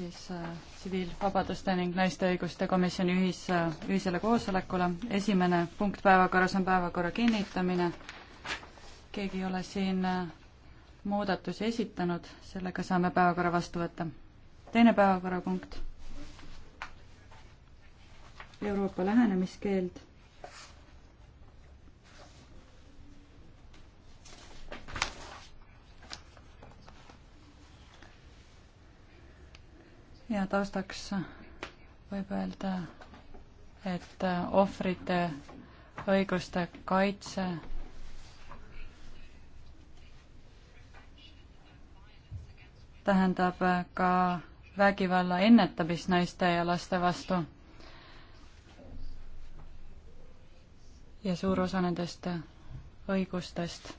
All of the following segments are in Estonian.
siis äh, tsiviilvabaduste äh, ning naiste õiguste komisjoni ühis äh,, ühisele koosolekule. esimene punkt päevakorras on päevakorra kinnitamine. keegi ei ole siin äh, muudatusi esitanud, sellega saame päevakorra vastu võtta. teine päevakorrapunkt. Euroopa lähenemiskeeld ja taustaks võib öelda, et ohvrite õiguste kaitse tähendab ka vägivalla ennetamist naiste ja laste vastu. ja suur osa nendest õigustest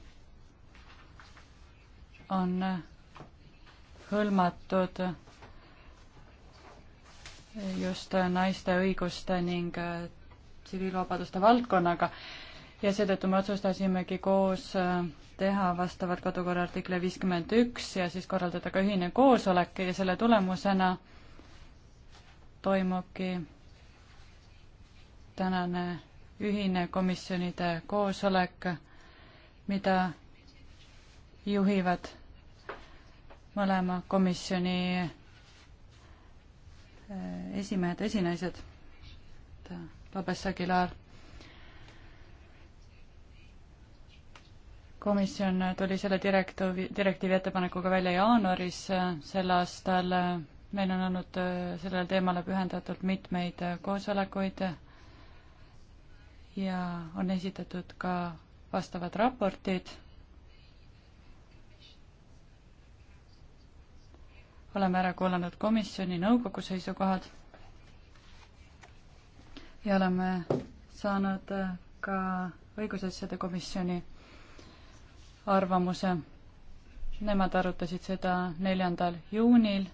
on hõlmatud just naiste õiguste ning äh, tsiviilvabaduste valdkonnaga ja seetõttu me otsustasimegi koos äh, teha vastavalt kodukorra artikli viiskümmend üks ja siis korraldada ka ühine koosolek ja selle tulemusena toimubki tänane ühine komisjonide koosolek, mida juhivad mõlema komisjoni esimehed, esinaised, Lopes Aguilar. komisjon tuli selle direktiivi, direktiivi ettepanekuga välja jaanuaris sel aastal. meil on olnud sellele teemale pühendatult mitmeid koosolekuid ja on esitatud ka vastavad raportid oleme ära kuulanud komisjoni nõukogu seisukohad ja oleme saanud äh, ka õigusasjade komisjoni arvamuse. Nemad arutasid seda neljandal juunil.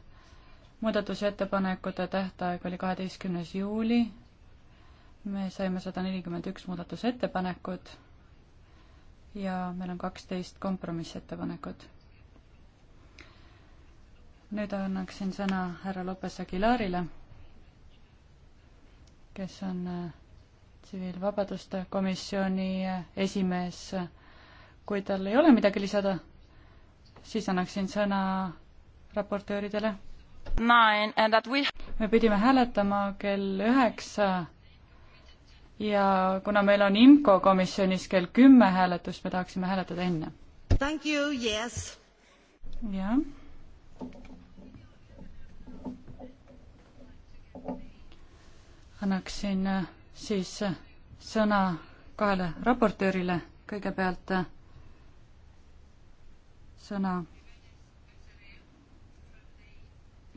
muudatusettepanekute tähtaeg oli kaheteistkümnes juuli. me saime sada nelikümmend üks muudatusettepanekut ja meil on kaksteist kompromissettepanekut nüüd annaksin sõna härra Lopes Aguilarile, kes on äh, tsiviilvabaduste komisjoni äh, esimees. kui tal ei ole midagi lisada, siis annaksin sõna raportööridele. me pidime hääletama kell üheksa ja kuna meil on IMCO komisjonis kell kümme hääletust, me tahaksime hääletada enne. jah annaksin äh, siis äh, sõna kahele raportöörile, kõigepealt äh, sõna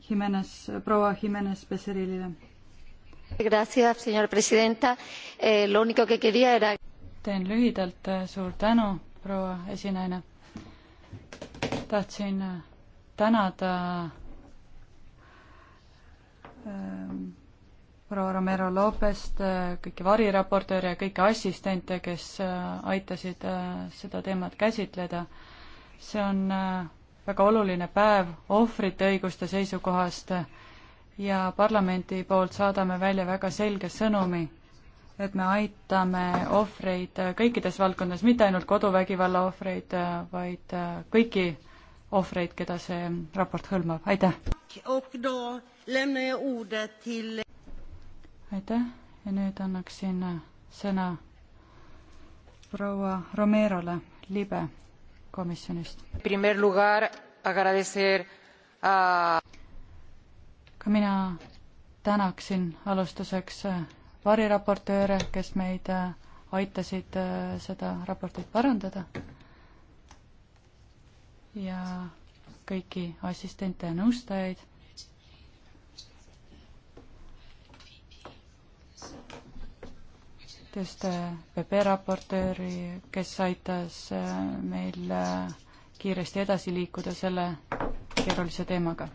Jimenez, proua Jimenez Beserilile. Eh, teen lühidalt, suur tänu, proua esinaine. tahtsin tänada proua Romero Lopest, kõiki variraportööre ja kõiki assistente, kes äh, aitasid äh, seda teemat käsitleda. see on äh, väga oluline päev ohvrite õiguste seisukohast ja parlamendi poolt saadame välja väga selge sõnumi, et me aitame ohvreid kõikides valdkondades, mitte ainult koduvägivalla ohvreid, vaid kõiki ohvreid, keda see raport hõlmab, aitäh! aitäh ja nüüd annaksin sõna proua Romerole libe komisjonist. ka mina tänaksin alustuseks variraportööre, kes meid aitasid seda raportit parandada ja kõiki assistente ja nõustajaid. just PP raportööri, kes aitas äh, meil äh, kiiresti edasi liikuda selle keerulise teemaga.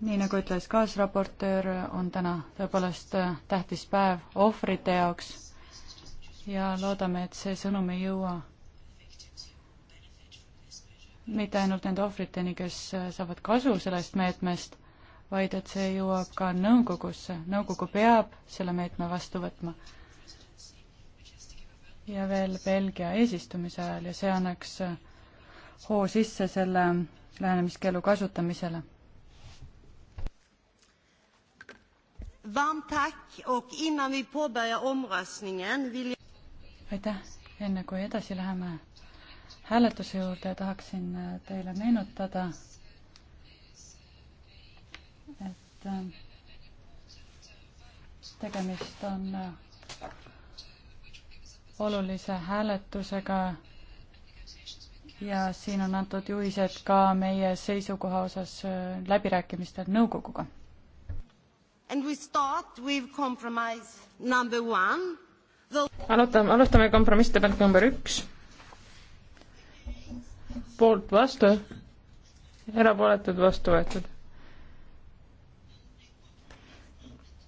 nii nagu ütles kaasraportöör, on täna tõepoolest äh, tähtis päev ohvrite jaoks ja loodame, et see sõnum ei jõua mitte ainult nende ohvriteni, kes saavad kasu sellest meetmest, vaid et see jõuab ka nõukogusse. nõukogu peab selle meetme vastu võtma. ja veel Belgia eesistumise ajal ja see annaks äh, hoo sisse selle lähenemiskeelu kasutamisele. aitäh, enne kui edasi läheme hääletuse juurde, tahaksin äh, teile meenutada, et äh, tegemist on äh, olulise hääletusega ja siin on antud juhised ka meie seisukoha osas äh, läbirääkimistel nõukoguga. alustame, alustame kompromissettepanek number üks. poolt vastu, erapooletud vastu võetud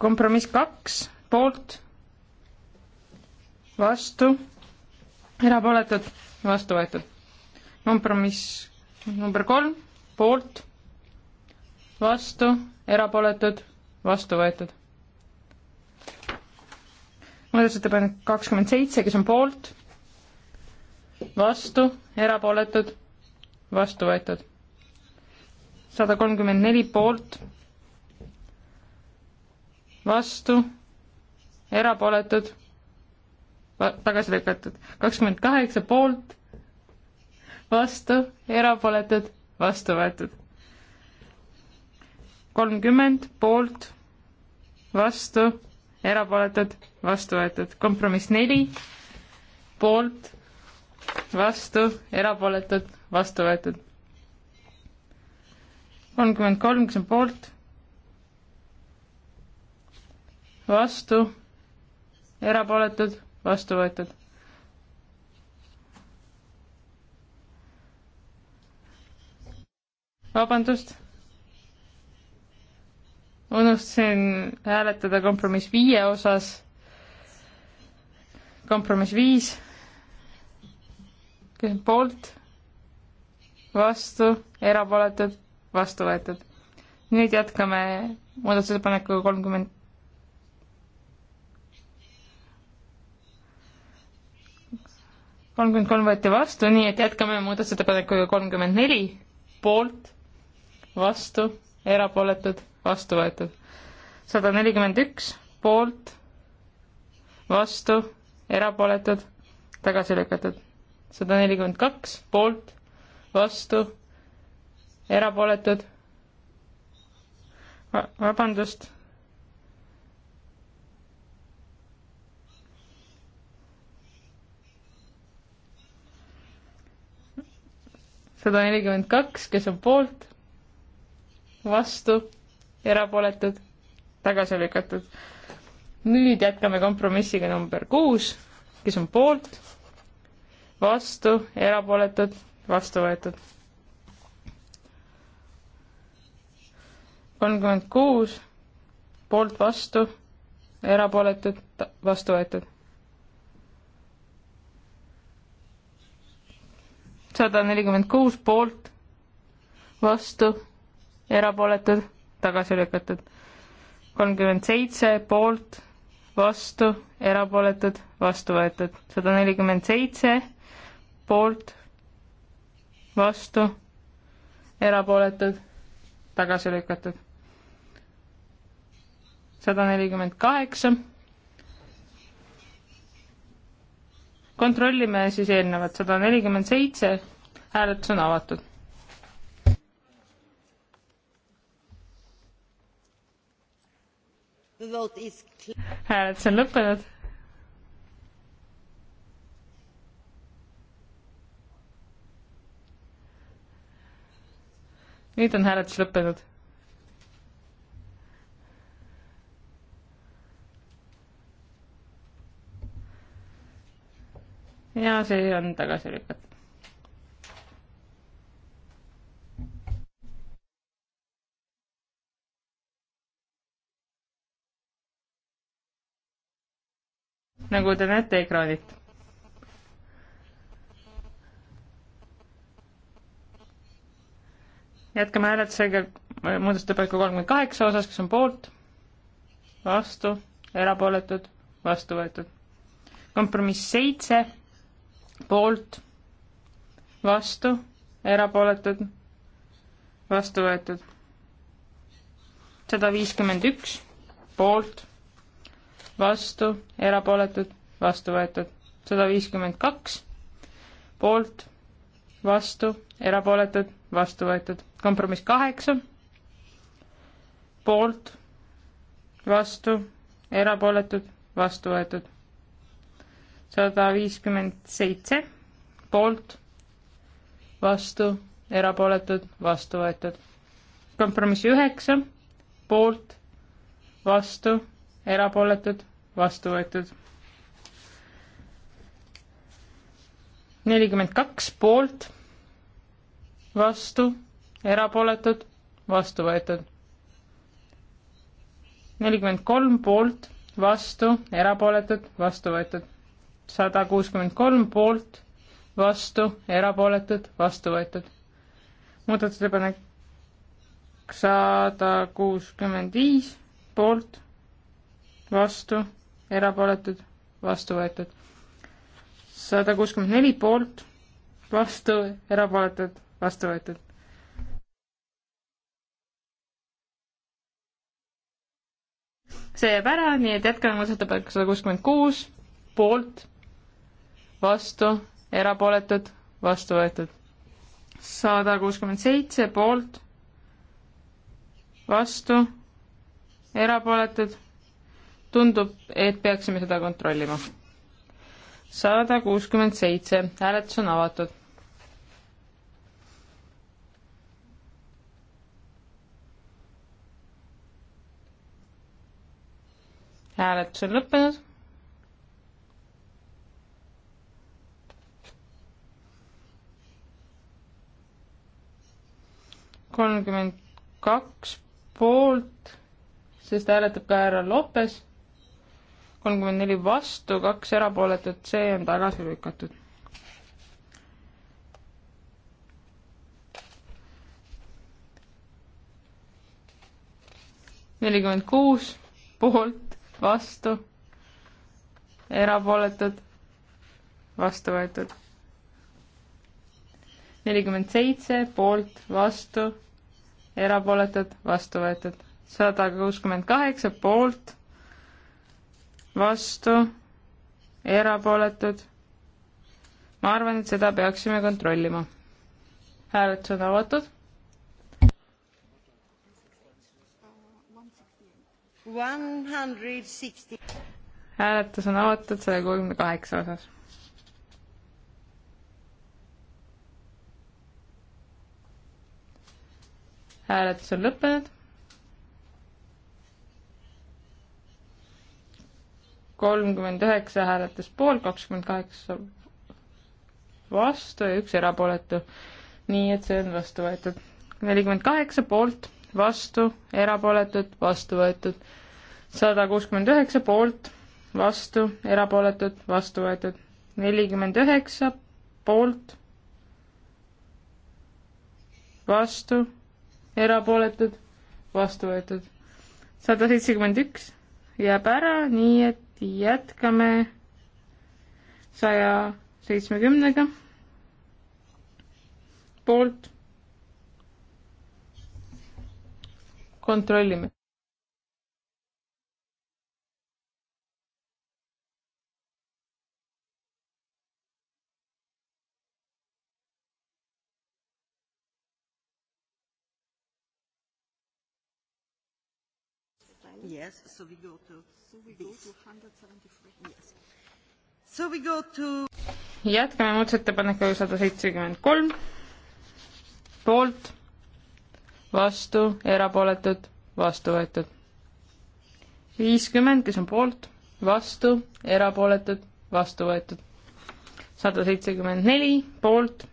kompromiss kaks poolt, vastu, erapooletud, vastu võetud. kompromiss number kolm poolt, vastu, erapooletud, vastu võetud. muudatusettepanek kakskümmend seitse, kes on poolt, vastu, erapooletud, vastu võetud. sada kolmkümmend neli poolt vastu, erapooletud, tagasi lükatud, kakskümmend kaheksa poolt, vastu, erapooletud, vastu võetud. kolmkümmend poolt, vastu, erapooletud, vastu võetud, kompromiss neli, poolt, vastu, erapooletud, vastu võetud. kolmkümmend kolm, kes on poolt vastu, erapooletud, vastu võetud. vabandust, unustasin hääletada kompromiss viie osas. kompromiss viis, kes on poolt, vastu, erapooletud, vastu võetud. nüüd jätkame muudatusettepanekuga kolmkümmend kolmkümmend kolm võeti vastu, nii et jätkame muudatusettepanekuga kolmkümmend neli, poolt, vastu, erapooletud, vastu võetud. sada nelikümmend üks, poolt, vastu, erapooletud, tagasi lükatud. sada nelikümmend kaks, poolt, vastu, erapooletud, vabandust sada nelikümmend kaks, kes on poolt, vastu, erapooletud, tagasi lükatud. nüüd jätkame kompromissiga number kuus, kes on poolt, vastu, erapooletud, vastu võetud. kolmkümmend kuus, poolt, vastu, erapooletud, vastu võetud sada nelikümmend kuus poolt, vastu, erapooletud, tagasi lükatud. kolmkümmend seitse poolt, vastu, erapooletud, vastu võetud. sada nelikümmend seitse poolt, vastu, erapooletud, tagasi lükatud. sada nelikümmend kaheksa kontrollime siis eelnevat, sada nelikümmend seitse, hääletus on avatud. hääletus on lõppenud. nüüd on hääletus lõppenud ja see on tagasi lükatud. nagu te näete ekraanilt. jätkame hääletusega muudatusettepaneku kolmkümmend kaheksa osas, kes on poolt, vastu, erapooletud, vastu võetud. kompromiss seitse poolt, vastu, erapooletud, vastu võetud. sada viiskümmend üks, poolt, vastu, erapooletud, vastu võetud. sada viiskümmend kaks, poolt, vastu, erapooletud, vastu võetud. kompromiss kaheksa, poolt, vastu, erapooletud, vastu võetud sada viiskümmend seitse poolt, vastu, erapooletud, vastu võetud. kompromiss üheksa poolt, vastu, erapooletud, vastu võetud. nelikümmend kaks poolt, vastu, erapooletud, vastu võetud. nelikümmend kolm poolt, vastu, erapooletud, vastu võetud sada kuuskümmend kolm poolt, vastu, erapooletud, vastu võetud. muudatusettepanek sada kuuskümmend viis poolt, vastu, erapooletud, vastu võetud. sada kuuskümmend neli poolt, vastu, erapooletud, vastu võetud. see jääb ära, nii et jätkame muudatusettepanekuga sada kuuskümmend kuus, poolt vastu, erapooletud, vastu võetud. sada kuuskümmend seitse poolt, vastu, erapooletud. tundub, et peaksime seda kontrollima. sada kuuskümmend seitse, hääletus on avatud. hääletus on lõppenud kolmkümmend kaks poolt, sest hääletab ka härra Lopes, kolmkümmend neli vastu, kaks erapooletut, see on tagasi lükatud. nelikümmend kuus poolt, vastu, erapooletud, vastu võetud nelikümmend seitse poolt, vastu, erapooletud, vastu võetud. sada kuuskümmend kaheksa poolt, vastu, erapooletud. ma arvan, et seda peaksime kontrollima. hääletus on avatud. hääletus on avatud saja kuuekümne kaheksa osas hääletus on lõppenud. kolmkümmend üheksa hääletas poolt, kakskümmend kaheksa vastu ja üks erapooletu. nii et see on vastu võetud. nelikümmend kaheksa poolt, vastu, erapooletud, vastu võetud. sada kuuskümmend üheksa poolt, vastu, erapooletud, vastu võetud. nelikümmend üheksa poolt, vastu erapooletud, vastu võetud. sada seitsekümmend üks jääb ära, nii et jätkame saja seitsmekümnega. poolt. kontrollime. Yes, so we go to so we go to 173. Yes. So we go to jätkame muudatusettepanekuga sada seitsekümmend kolm, poolt, vastu, erapooletud, vastu võetud. viiskümmend, kes on poolt, vastu, erapooletud, vastu võetud. sada seitsekümmend neli, poolt,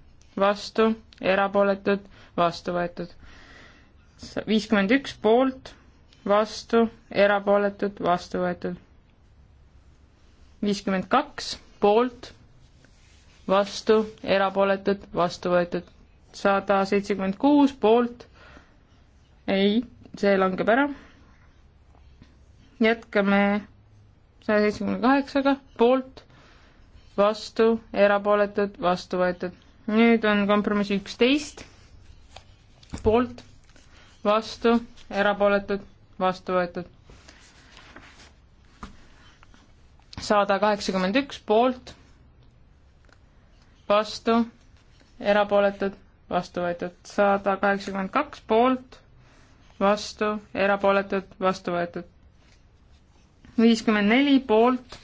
vastu, erapooletud, vastu võetud. viiskümmend üks, poolt vastu, erapooletud, vastu võetud. viiskümmend kaks poolt, vastu, erapooletud, vastu võetud. sada seitsekümmend kuus poolt, ei, see langeb ära. jätkame saja seitsmekümne kaheksaga, poolt, vastu, erapooletud, vastu võetud. nüüd on kompromiss üksteist, poolt, vastu, erapooletud vastu võetud. sada kaheksakümmend üks poolt, vastu, erapooletud, vastu võetud. sada kaheksakümmend kaks poolt, vastu, erapooletud, vastu võetud. viiskümmend neli poolt,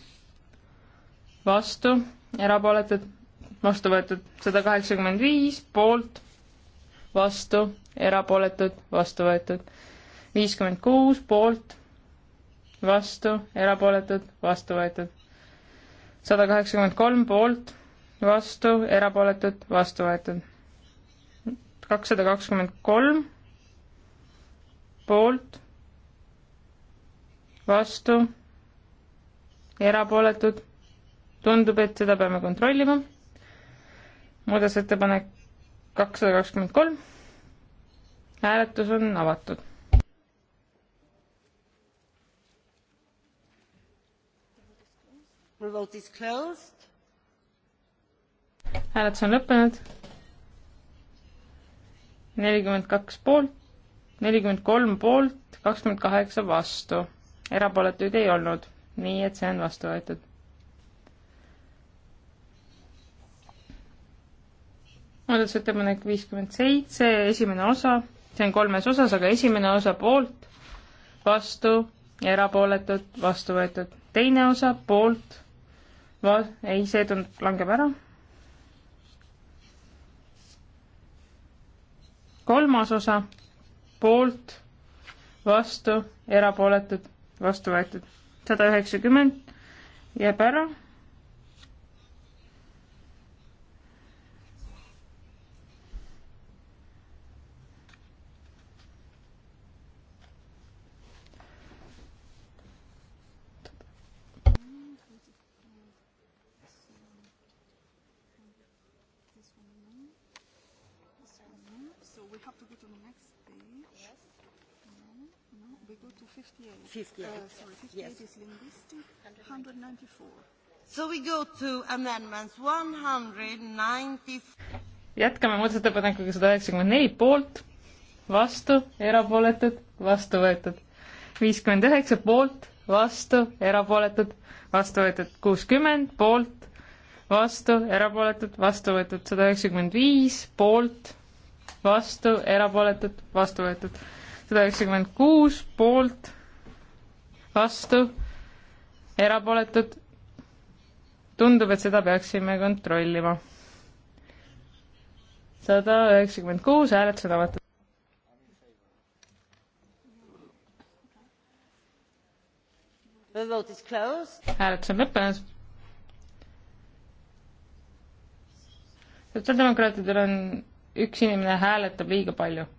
vastu, erapooletud, vastu võetud. sada kaheksakümmend viis poolt, vastu, erapooletud, vastu võetud viiskümmend kuus poolt, vastu, erapooletud, vastu võetud. sada kaheksakümmend kolm poolt, vastu, erapooletud, vastu võetud. kakssada kakskümmend kolm poolt, vastu, erapooletud. tundub, et seda peame kontrollima. muudatusettepanek kakssada kakskümmend kolm. hääletus on avatud hääletus on lõppenud. nelikümmend kaks poolt, nelikümmend kolm poolt, kakskümmend kaheksa vastu. erapooletuid ei olnud, nii et see on vastu võetud. muudatusettepanek viiskümmend seitse, esimene osa, see on kolmes osas, aga esimene osa poolt, vastu, erapooletud, vastu võetud. teine osa poolt Va-, ei, see tund-, langeb ära. kolmas osa, poolt, vastu, erapooletud, vastu võetud. sada üheksakümmend jääb ära we go to 58. 58. Uh, sorry, 58 yes. is linguistic. 194. So we go to amendments 190. jätkame muudatusettepanekuga sada üheksakümmend neli poolt, vastu, erapooletud, vastu võetud. viiskümmend üheksa poolt, vastu, erapooletud, vastu võetud. kuuskümmend poolt, vastu, erapooletud, vastu võetud. sada üheksakümmend viis poolt, vastu, erapooletud, vastu võetud sada üheksakümmend kuus poolt, vastu, erapooletud. tundub, et seda peaksime kontrollima. sada üheksakümmend kuus, hääletus on avatud. hääletus on lõppenud. sotsiaaldemokraatidel on üks inimene hääletab liiga palju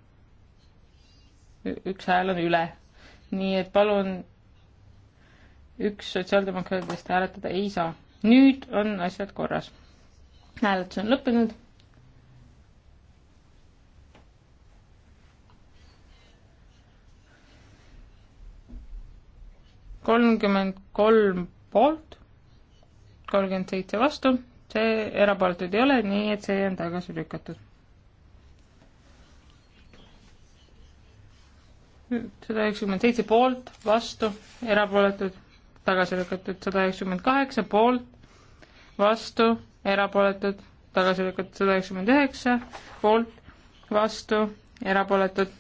üks hääl on üle. nii et palun üks sotsiaaldemokraatidest hääletada ei saa. nüüd on asjad korras. hääletus on lõppenud. kolmkümmend kolm poolt, kolmkümmend seitse vastu, see erapooletuid ei ole, nii et see on tagasi lükatud sada üheksakümmend seitse poolt, vastu, erapooletud, tagasi lükatud, sada üheksakümmend kaheksa poolt, vastu, erapooletud, tagasi lükatud, sada üheksakümmend üheksa poolt, vastu, erapooletud,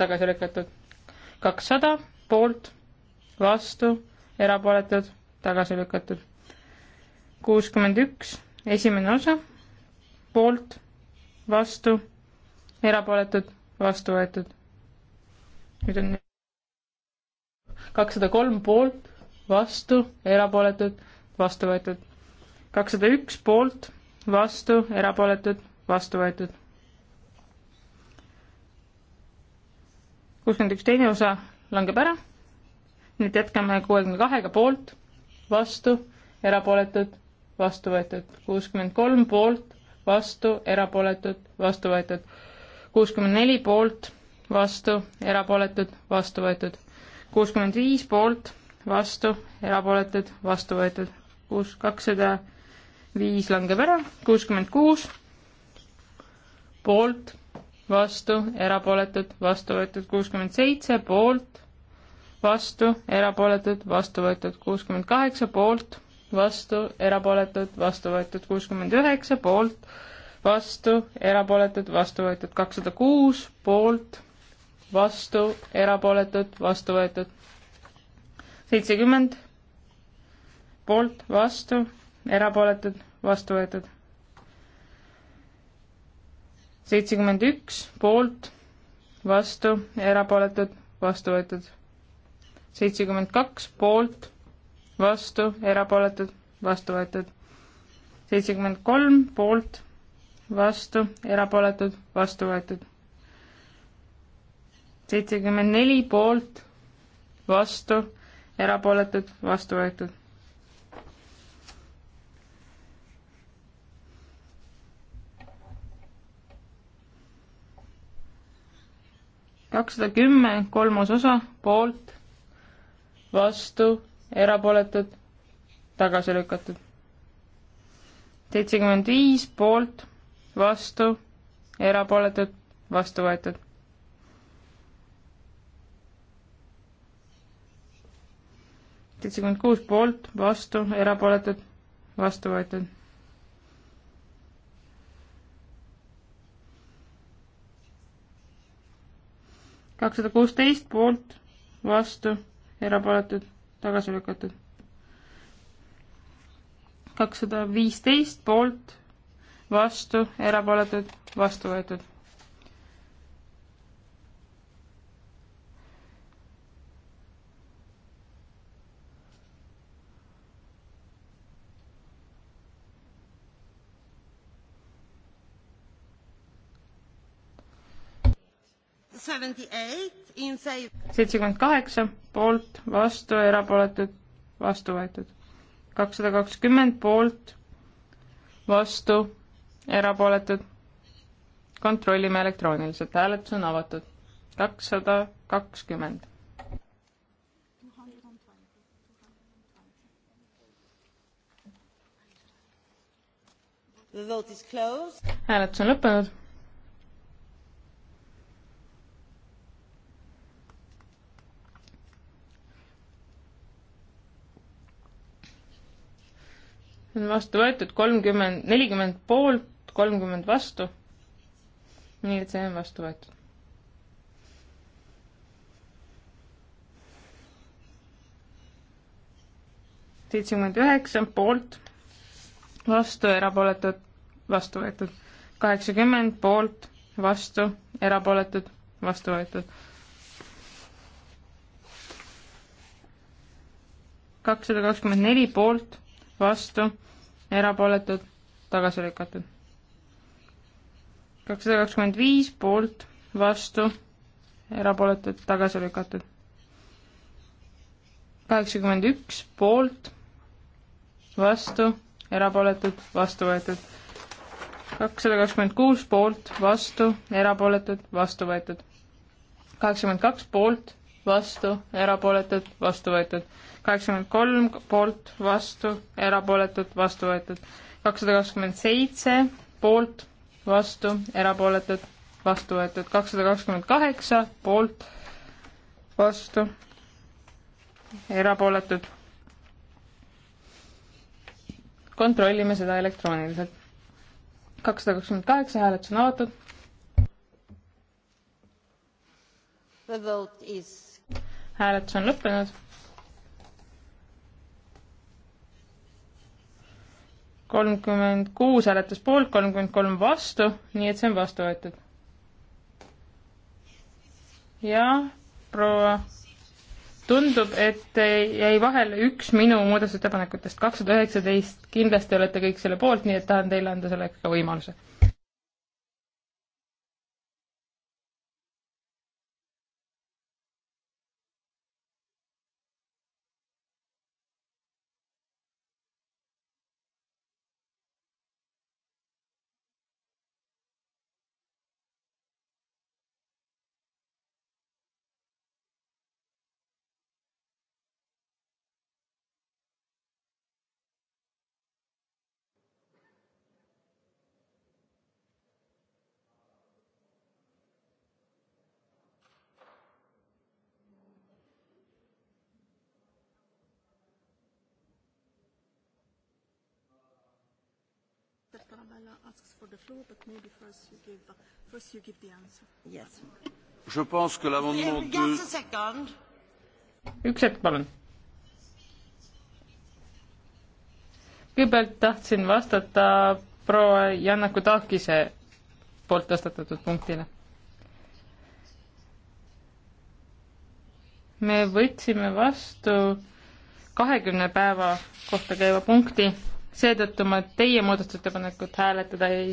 tagasi lükatud, kakssada poolt, vastu, erapooletud, tagasi lükatud, kuuskümmend üks, esimene osa, poolt, vastu, erapooletud, vastu võetud nüüd on kakssada kolm poolt, vastu, erapooletud, vastu võetud. kakssada üks poolt, vastu, erapooletud, vastu võetud. kuuskümmend üks teine osa langeb ära. nüüd jätkame kuuekümne kahega poolt, vastu, erapooletud, vastu võetud. kuuskümmend kolm poolt, vastu, erapooletud, vastu võetud. kuuskümmend neli poolt vastu, erapooletud, vastu võetud. kuuskümmend viis poolt, vastu, erapooletud, vastu võetud. kuus, kakssada viis langeb ära, kuuskümmend kuus poolt, vastu, erapooletud, vastu võetud. kuuskümmend seitse poolt, vastu, erapooletud, vastu võetud. kuuskümmend kaheksa poolt, vastu, erapooletud, vastu võetud. kuuskümmend üheksa poolt, vastu, erapooletud, vastu võetud. kakssada kuus poolt vastu, erapooletud, vastu võetud. seitsekümmend poolt, vastu, erapooletud, vastu võetud. seitsekümmend üks poolt, vastu, erapooletud, vastu võetud. seitsekümmend kaks poolt, vastu, erapooletud, vastu võetud. seitsekümmend kolm poolt, vastu, erapooletud, vastu võetud seitsekümmend neli poolt, vastu, erapooletud, vastu võetud. kakssada kümme, kolmas osa, poolt, vastu, erapooletud, tagasi lükatud. seitsekümmend viis poolt, vastu, erapooletud, vastu võetud seitsekümmend kuus poolt, vastu, erapooletud, vastu võetud. kakssada kuusteist poolt, vastu, erapooletud, tagasi lükatud. kakssada viisteist poolt, vastu, erapooletud, vastu võetud seitsekümmend kaheksa poolt, vastu, erapooletud, vastu võetud. kakssada kakskümmend poolt, vastu, erapooletud. kontrollime elektrooniliselt, hääletus on avatud. kakssada kakskümmend. hääletus on lõppenud on vastu võetud kolmkümmend, nelikümmend poolt, kolmkümmend vastu. nii et see on vastu võetud. seitsekümmend üheksa poolt, vastu, erapooletud, vastu võetud. kaheksakümmend poolt, vastu, erapooletud, vastu võetud. kakssada kakskümmend neli poolt vastu, erapooletud, tagasi lükatud. kakssada kakskümmend viis poolt, vastu, erapooletud, tagasi lükatud. kaheksakümmend üks poolt, vastu, erapooletud, vastu võetud. kakssada kakskümmend kuus poolt, vastu, erapooletud, vastu võetud. kaheksakümmend kaks poolt vastu, erapooletud, vastu võetud. kaheksakümmend kolm poolt, vastu, erapooletud, vastu võetud. kakssada kakskümmend seitse poolt, vastu, erapooletud, vastu võetud. kakssada kakskümmend kaheksa poolt, vastu, erapooletud. kontrollime seda elektrooniliselt. kakssada kakskümmend kaheksa hääletus on avatud. The vote is hääletus on lõppenud. kolmkümmend kuus hääletas poolt, kolmkümmend kolm vastu, nii et see on vastu võetud. ja proua, tundub, et jäi vahele üks minu muudatusettepanekutest, kakssada üheksateist, kindlasti olete kõik selle poolt, nii et tahan teile anda selleks ka võimaluse Tarabella asks for the floor, but maybe first you give, first you give the answer. Yes. Je pense que l'amendement 2... Just a second. Üks hetk, palun. Kõigepealt tahtsin vastata proua Jannaku Taakise poolt tõstatatud punktile. me võtsime vastu kahekümne päeva kohta käiva punkti seetõttu ma teie muudatusettepanekut hääletada ei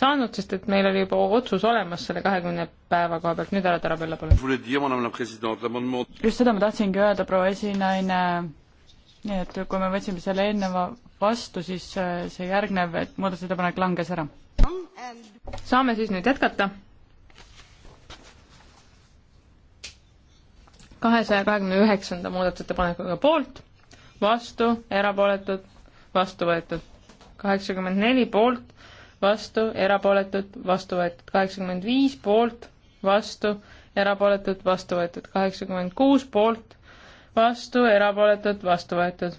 saanud, sest et meil oli juba otsus olemas selle kahekümne päeva koha pealt, nüüd härra Tarabella, palun. just seda ma tahtsingi öelda, proua esinaine, nii et kui me võtsime selle eelneva vastu, siis äh, see järgnev muudatusettepanek langes ära. saame siis nüüd jätkata. kahesaja kahekümne üheksanda muudatusettepanekuga poolt, vastu, erapooletud vastu võetud. kaheksakümmend neli poolt, vastu, erapooletud, vastu võetud. kaheksakümmend viis poolt, vastu, erapooletud, vastu võetud. kaheksakümmend kuus poolt, vastu, erapooletud, vastu võetud.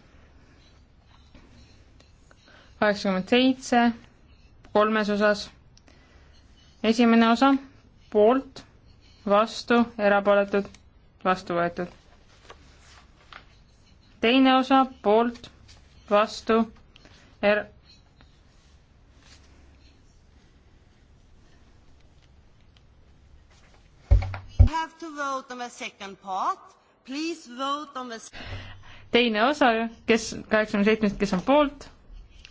kaheksakümmend seitse, kolmes osas. esimene osa, poolt, vastu, erapooletud, vastu võetud teine osa poolt, vastu er.... teine osa, kes kaheksakümne seitsmest, kes on poolt,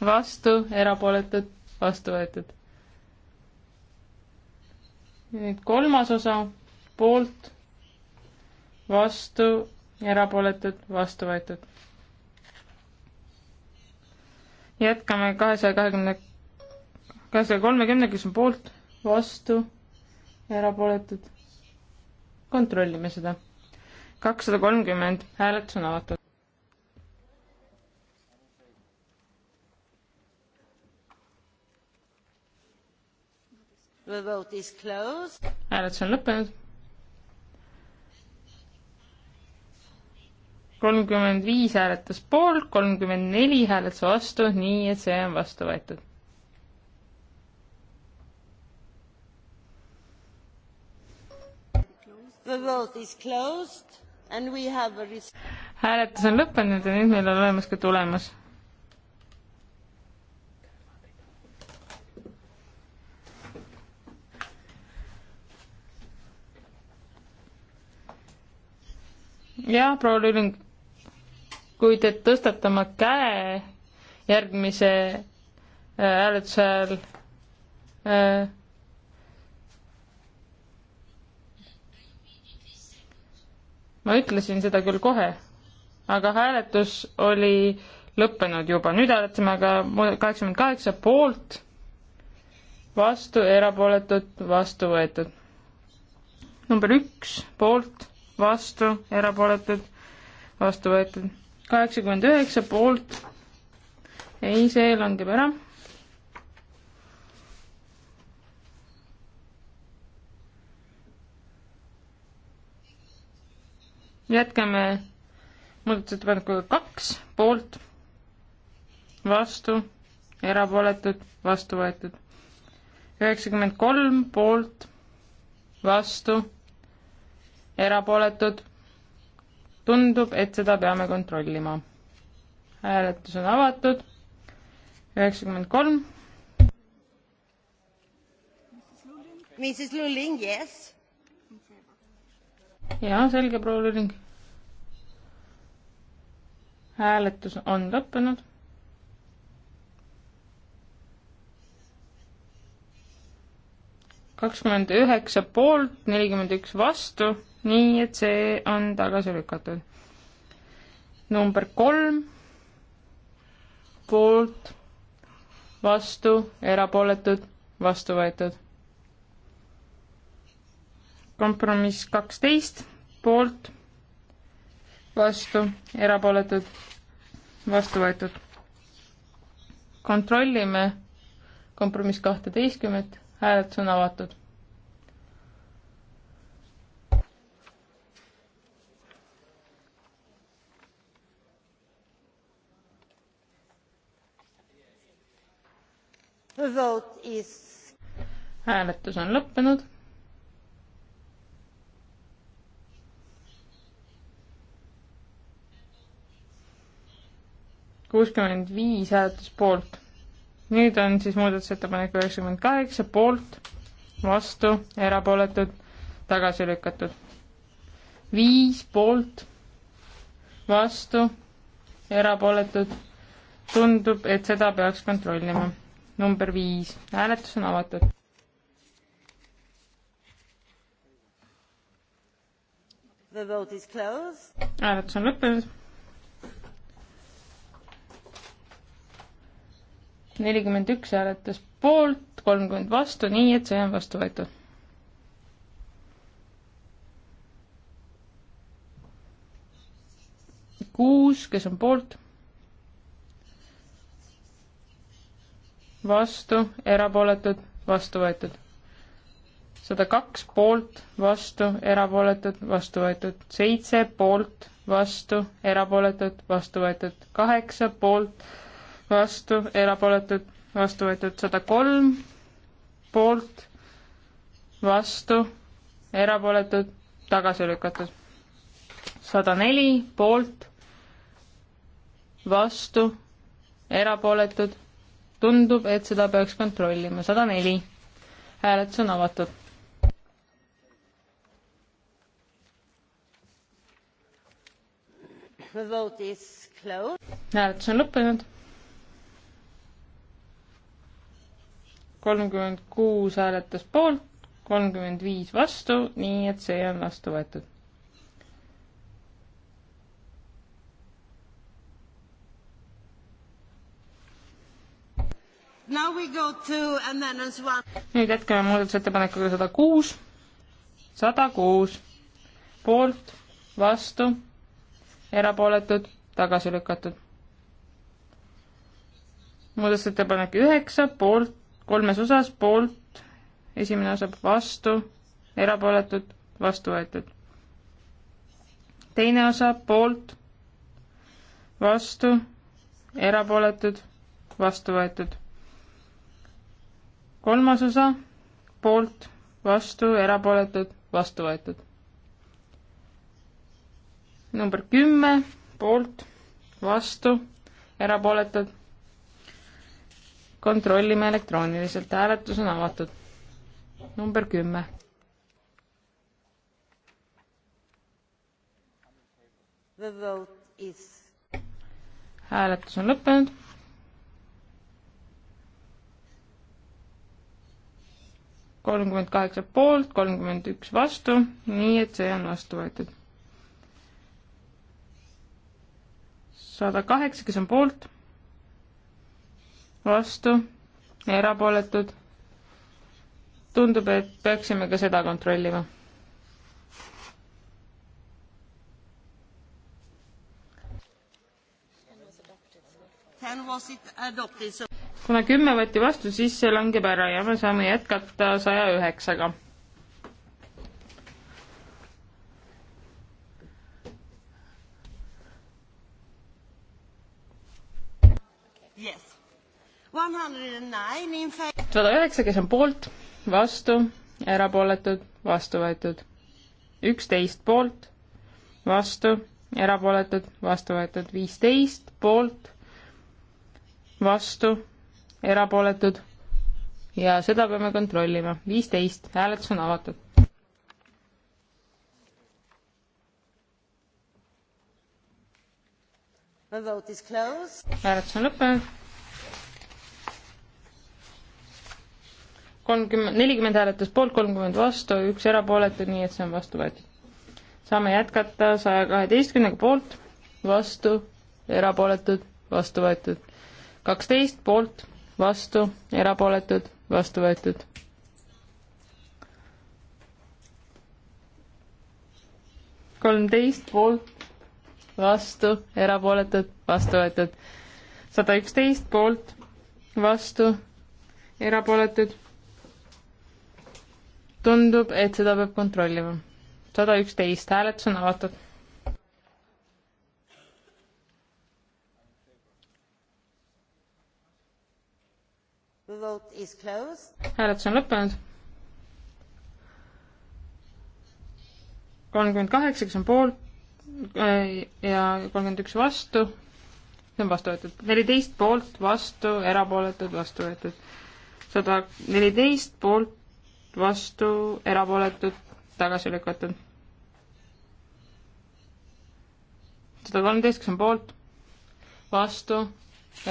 vastu, erapooletud, vastu võetud. nüüd kolmas osa, poolt, vastu, erapooletud, vastu võetud jätkame kahesaja kahekümne, kahesaja kolmekümne, kes on poolt, vastu, erapooletud. kontrollime seda. kakssada kolmkümmend, hääletus on avatud. hääletus on lõppenud kolmkümmend viis hääletas poolt, kolmkümmend neli hääletas vastu, nii et see on vastu võetud. hääletus on lõppenud ja nüüd meil on olemas ka tulemus jah, proua Lüling, kuid et tõstatama käe järgmise äh, hääletuse ajal äh, ma ütlesin seda küll kohe, aga hääletus oli lõppenud juba, nüüd hääletasime aga kaheksakümmend kaheksa poolt, vastu, erapooletud, vastu võetud. number üks poolt, vastu, erapooletud, vastu võetud kaheksakümmend üheksa poolt. ei, see langeb ära. jätkame muudatusettepanekuga kaks poolt, vastu, erapooletud, vastu võetud. üheksakümmend kolm poolt, vastu, erapooletud tundub, et seda peame kontrollima. hääletus on avatud. üheksakümmend kolm. Mrs Lulling, yes. jaa, selge, proua Lulling. hääletus on lõppenud. kakskümmend üheksa poolt, nelikümmend üks vastu nii et see on tagasi lükatud. number kolm, poolt, vastu, erapooletud, vastu võetud. kompromiss kaksteist, poolt, vastu, erapooletud, vastu võetud. kontrollime kompromiss kahteteistkümmet, hääletus on avatud. Is... hääletus on lõppenud. kuuskümmend viis hääletas poolt. nüüd on siis muudatusettepanek üheksakümmend kaheksa poolt, vastu, erapooletud, tagasi lükatud. viis poolt, vastu, erapooletud. tundub, et seda peaks kontrollima number viis, hääletus on avatud. hääletus on lõppenud. nelikümmend üks hääletas poolt, kolmkümmend vastu, nii et see on vastu võetud. kuus, kes on poolt vastu, erapooletud, vastu võetud. sada kaks poolt, vastu, erapooletud, vastu võetud. seitse poolt, vastu, erapooletud, vastu võetud. kaheksa poolt, vastu, erapooletud, vastu võetud. sada kolm poolt, vastu, erapooletud, tagasi lükatud. sada neli poolt, vastu, erapooletud tundub, et seda peaks kontrollima, sada neli. hääletus on avatud. hääletus on lõppenud. kolmkümmend kuus hääletas poolt, kolmkümmend viis vastu, nii et see on vastu võetud. nüüd jätkame muudatusettepanekuga sada kuus, sada kuus, poolt, vastu, erapooletud, tagasi lükatud. muudatusettepanek üheksa, poolt, kolmes osas, poolt, esimene osa vastu, erapooletud, vastu võetud. teine osa poolt, vastu, erapooletud, vastu võetud kolmas osa, poolt, vastu, erapooletud, vastu võetud. number kümme, poolt, vastu, erapooletud. kontrollime elektrooniliselt, hääletus on avatud. number kümme. hääletus on lõppenud kolmkümmend kaheksa poolt, kolmkümmend üks vastu, nii et see on vastu võetud. sada kaheksa, kes on poolt, vastu, erapooletud. tundub, et peaksime ka seda kontrollima. Ten was it adopted so kuna kümme võeti vastu, siis see langeb ära ja me saame jätkata saja üheksaga. sada üheksa, kes on poolt, vastu, erapooletud, vastu võetud. üksteist poolt, vastu, erapooletud, vastu võetud. viisteist poolt, vastu erapooletud ja seda peame kontrollima. viisteist, hääletus on avatud. hääletus on lõppenud. kolmkümmend, nelikümmend hääletas poolt, kolmkümmend vastu, üks erapooletu, nii et see on vastu võetud. saame jätkata saja kaheteistkümnega poolt, vastu, erapooletud, vastu võetud. kaksteist poolt vastu, erapooletud, vastu võetud. kolmteist poolt, vastu, erapooletud, vastu võetud. sada üksteist poolt, vastu, erapooletud. tundub, et seda peab kontrollima. sada üksteist, hääletus on avatud hääletus on lõppenud. kolmkümmend kaheksa, kes on poolt äh, ja kolmkümmend üks vastu, see on vastu võetud. neliteist poolt, vastu, erapooletud, vastu võetud. sada neliteist poolt, vastu, erapooletud, tagasi lükatud. sada kolmteist, kes on poolt, vastu,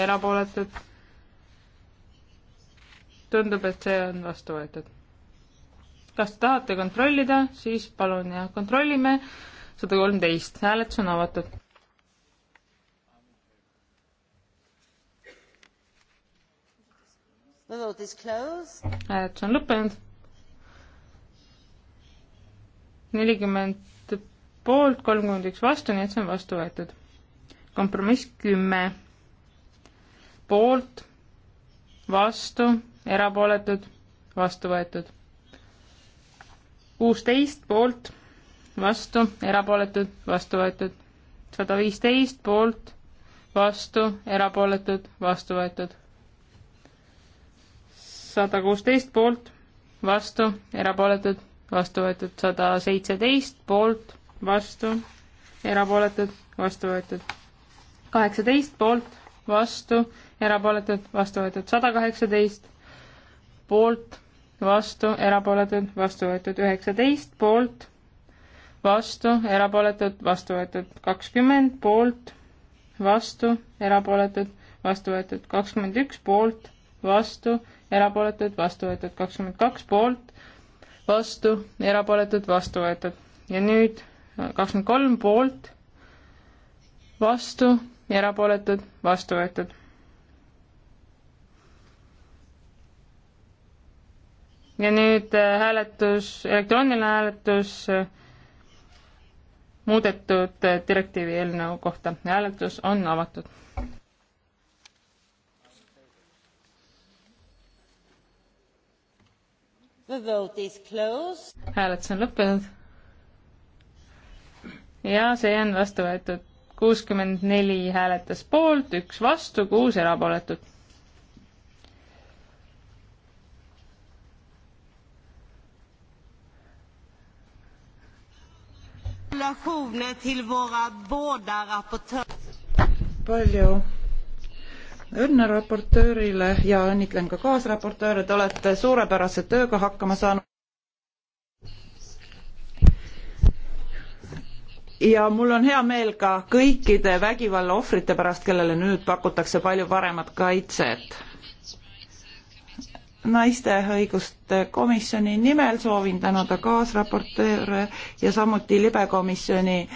erapooletud tundub, et see on vastu võetud. kas te tahate kontrollida, siis palun ja kontrollime sada kolmteist, hääletus on avatud. hääletus on lõppenud. nelikümmend poolt, kolmkümmend üks vastu, nii et see on vastu võetud. kompromiss kümme poolt, vastu erapooletud, vastu võetud. kuusteist poolt, vastu, erapooletud, vastu võetud. sada viisteist poolt, vastu, erapooletud, vastu võetud. sada kuusteist poolt, vastu, erapooletud, vastu võetud. sada seitseteist poolt, vastu, erapooletud, vastu võetud. kaheksateist poolt, vastu, erapooletud, vastu võetud. sada kaheksateist poolt, vastu, erapooletud, vastu võetud üheksateist, poolt, vastu, erapooletud, vastu võetud kakskümmend, poolt, vastu, erapooletud, vastu võetud kakskümmend üks, poolt, vastu, erapooletud, vastu võetud kakskümmend kaks, poolt, vastu, erapooletud, vastu võetud ja nüüd kakskümmend kolm, poolt, vastu, erapooletud, vastu võetud ja nüüd äh, hääletus, elektrooniline hääletus äh, muudetud äh, direktiivi eelnõu kohta. hääletus on avatud. hääletus on lõppenud. ja see on vastu võetud. kuuskümmend neli hääletas poolt, üks vastu, kuus erapooletut Gratulationer till våra båda rapportörer. Palju õnne raportöörile ja õnnitlen ka kaasraportööre, te olete suurepärase tööga hakkama saanud. ja mul on hea meel ka kõikide vägivalla ohvrite pärast, kellele nüüd pakutakse palju paremat kaitset naiste õiguste komisjoni nimel soovin tänada kaasraportööre ja samuti libekomisjoni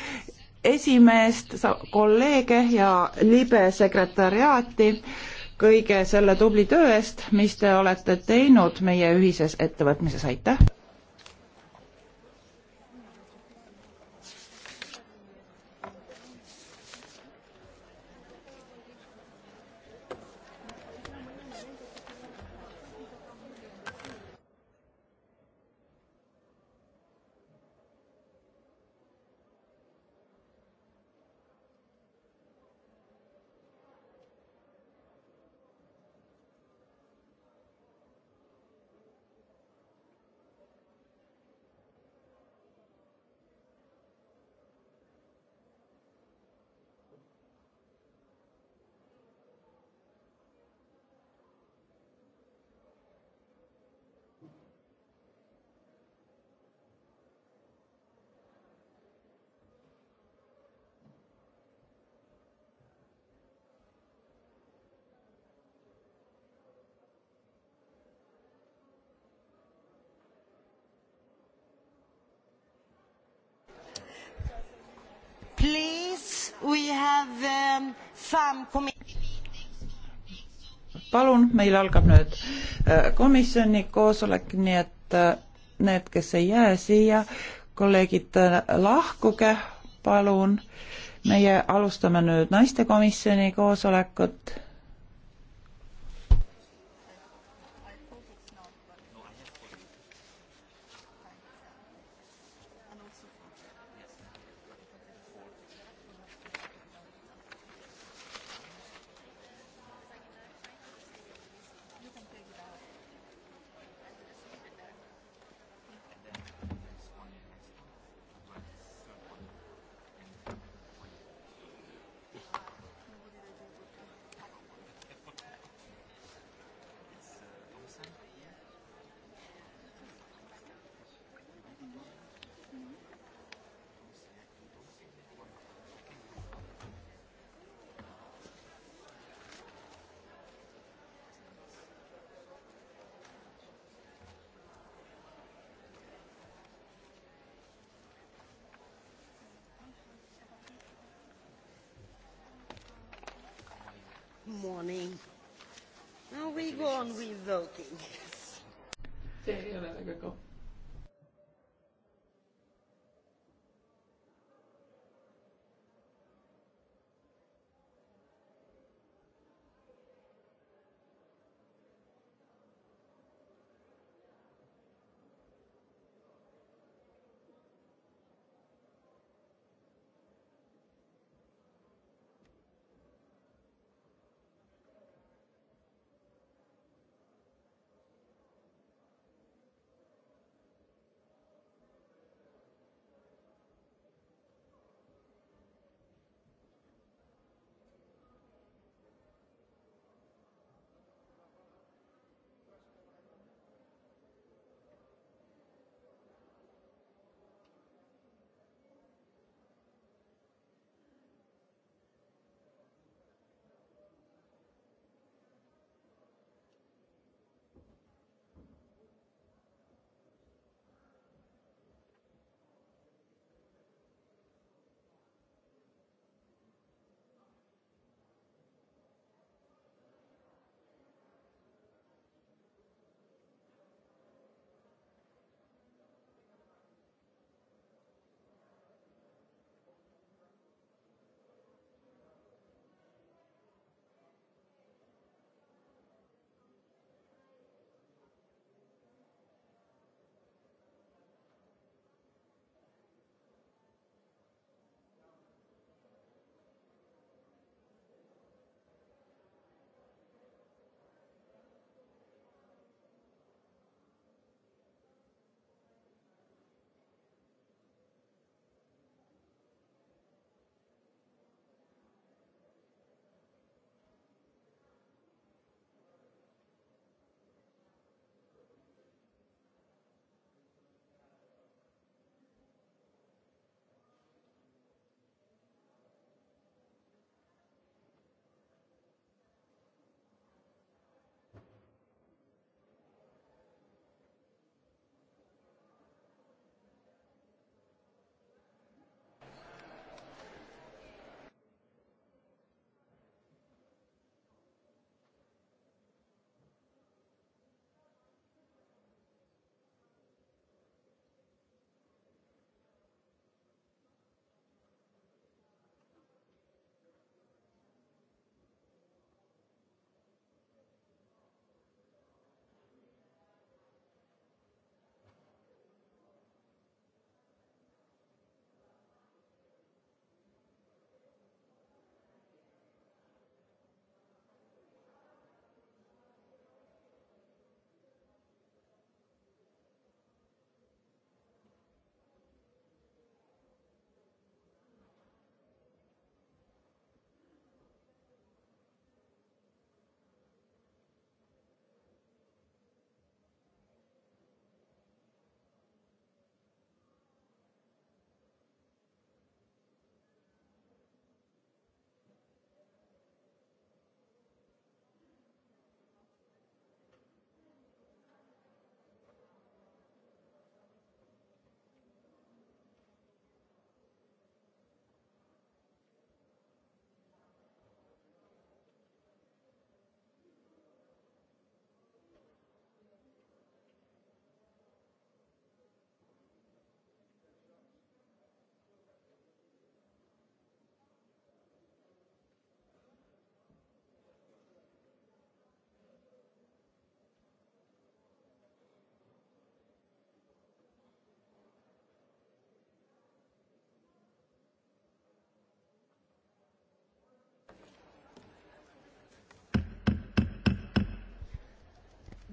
esimeest, kolleege ja libe sekretäriaati kõige selle tubli töö eest, mis te olete teinud meie ühises ettevõtmises, aitäh! Um, palun, meil algab nüüd äh, komisjoni koosolek, nii et äh, need, kes ei jää siia, kolleegid, äh, lahkuge, palun. meie alustame nüüd naistekomisjoni koosolekut voting. see ei ole väga kaua.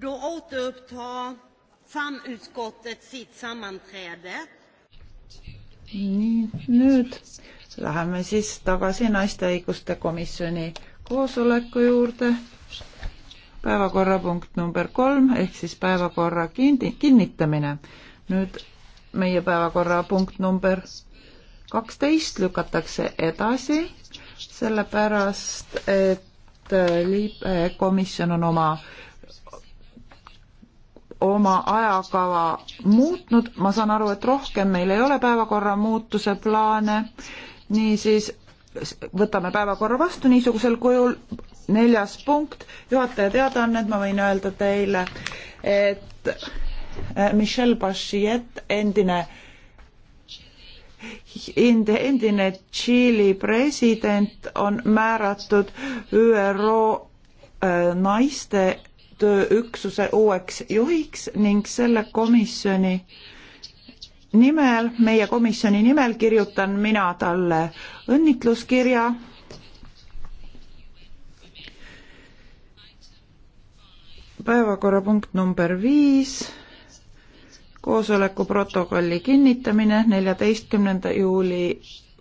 Då återupptar samutskottet sitt sammanträde. nii, nüüd läheme siis tagasi naiste õiguste komisjoni koosoleku juurde. päevakorrapunkt number kolm ehk siis päevakorra kinni, kinnitamine. nüüd meie päevakorrapunkt number kaksteist lükatakse edasi, sellepärast et äh, liibekomisjon äh, on oma oma ajakava muutnud, ma saan aru, et rohkem meil ei ole päevakorra muutuse plaane, niisiis võtame päevakorra vastu niisugusel kujul, neljas punkt, juhataja teadaannet, ma võin öelda teile, et äh, Michelle Bachelet, endine endine Tšiili president on määratud ÜRO äh, naiste üksuse uueks juhiks ning selle komisjoni nimel, meie komisjoni nimel kirjutan mina talle õnnitluskirja päevakorrapunkt number viis, koosoleku protokolli kinnitamine, neljateistkümnenda juuli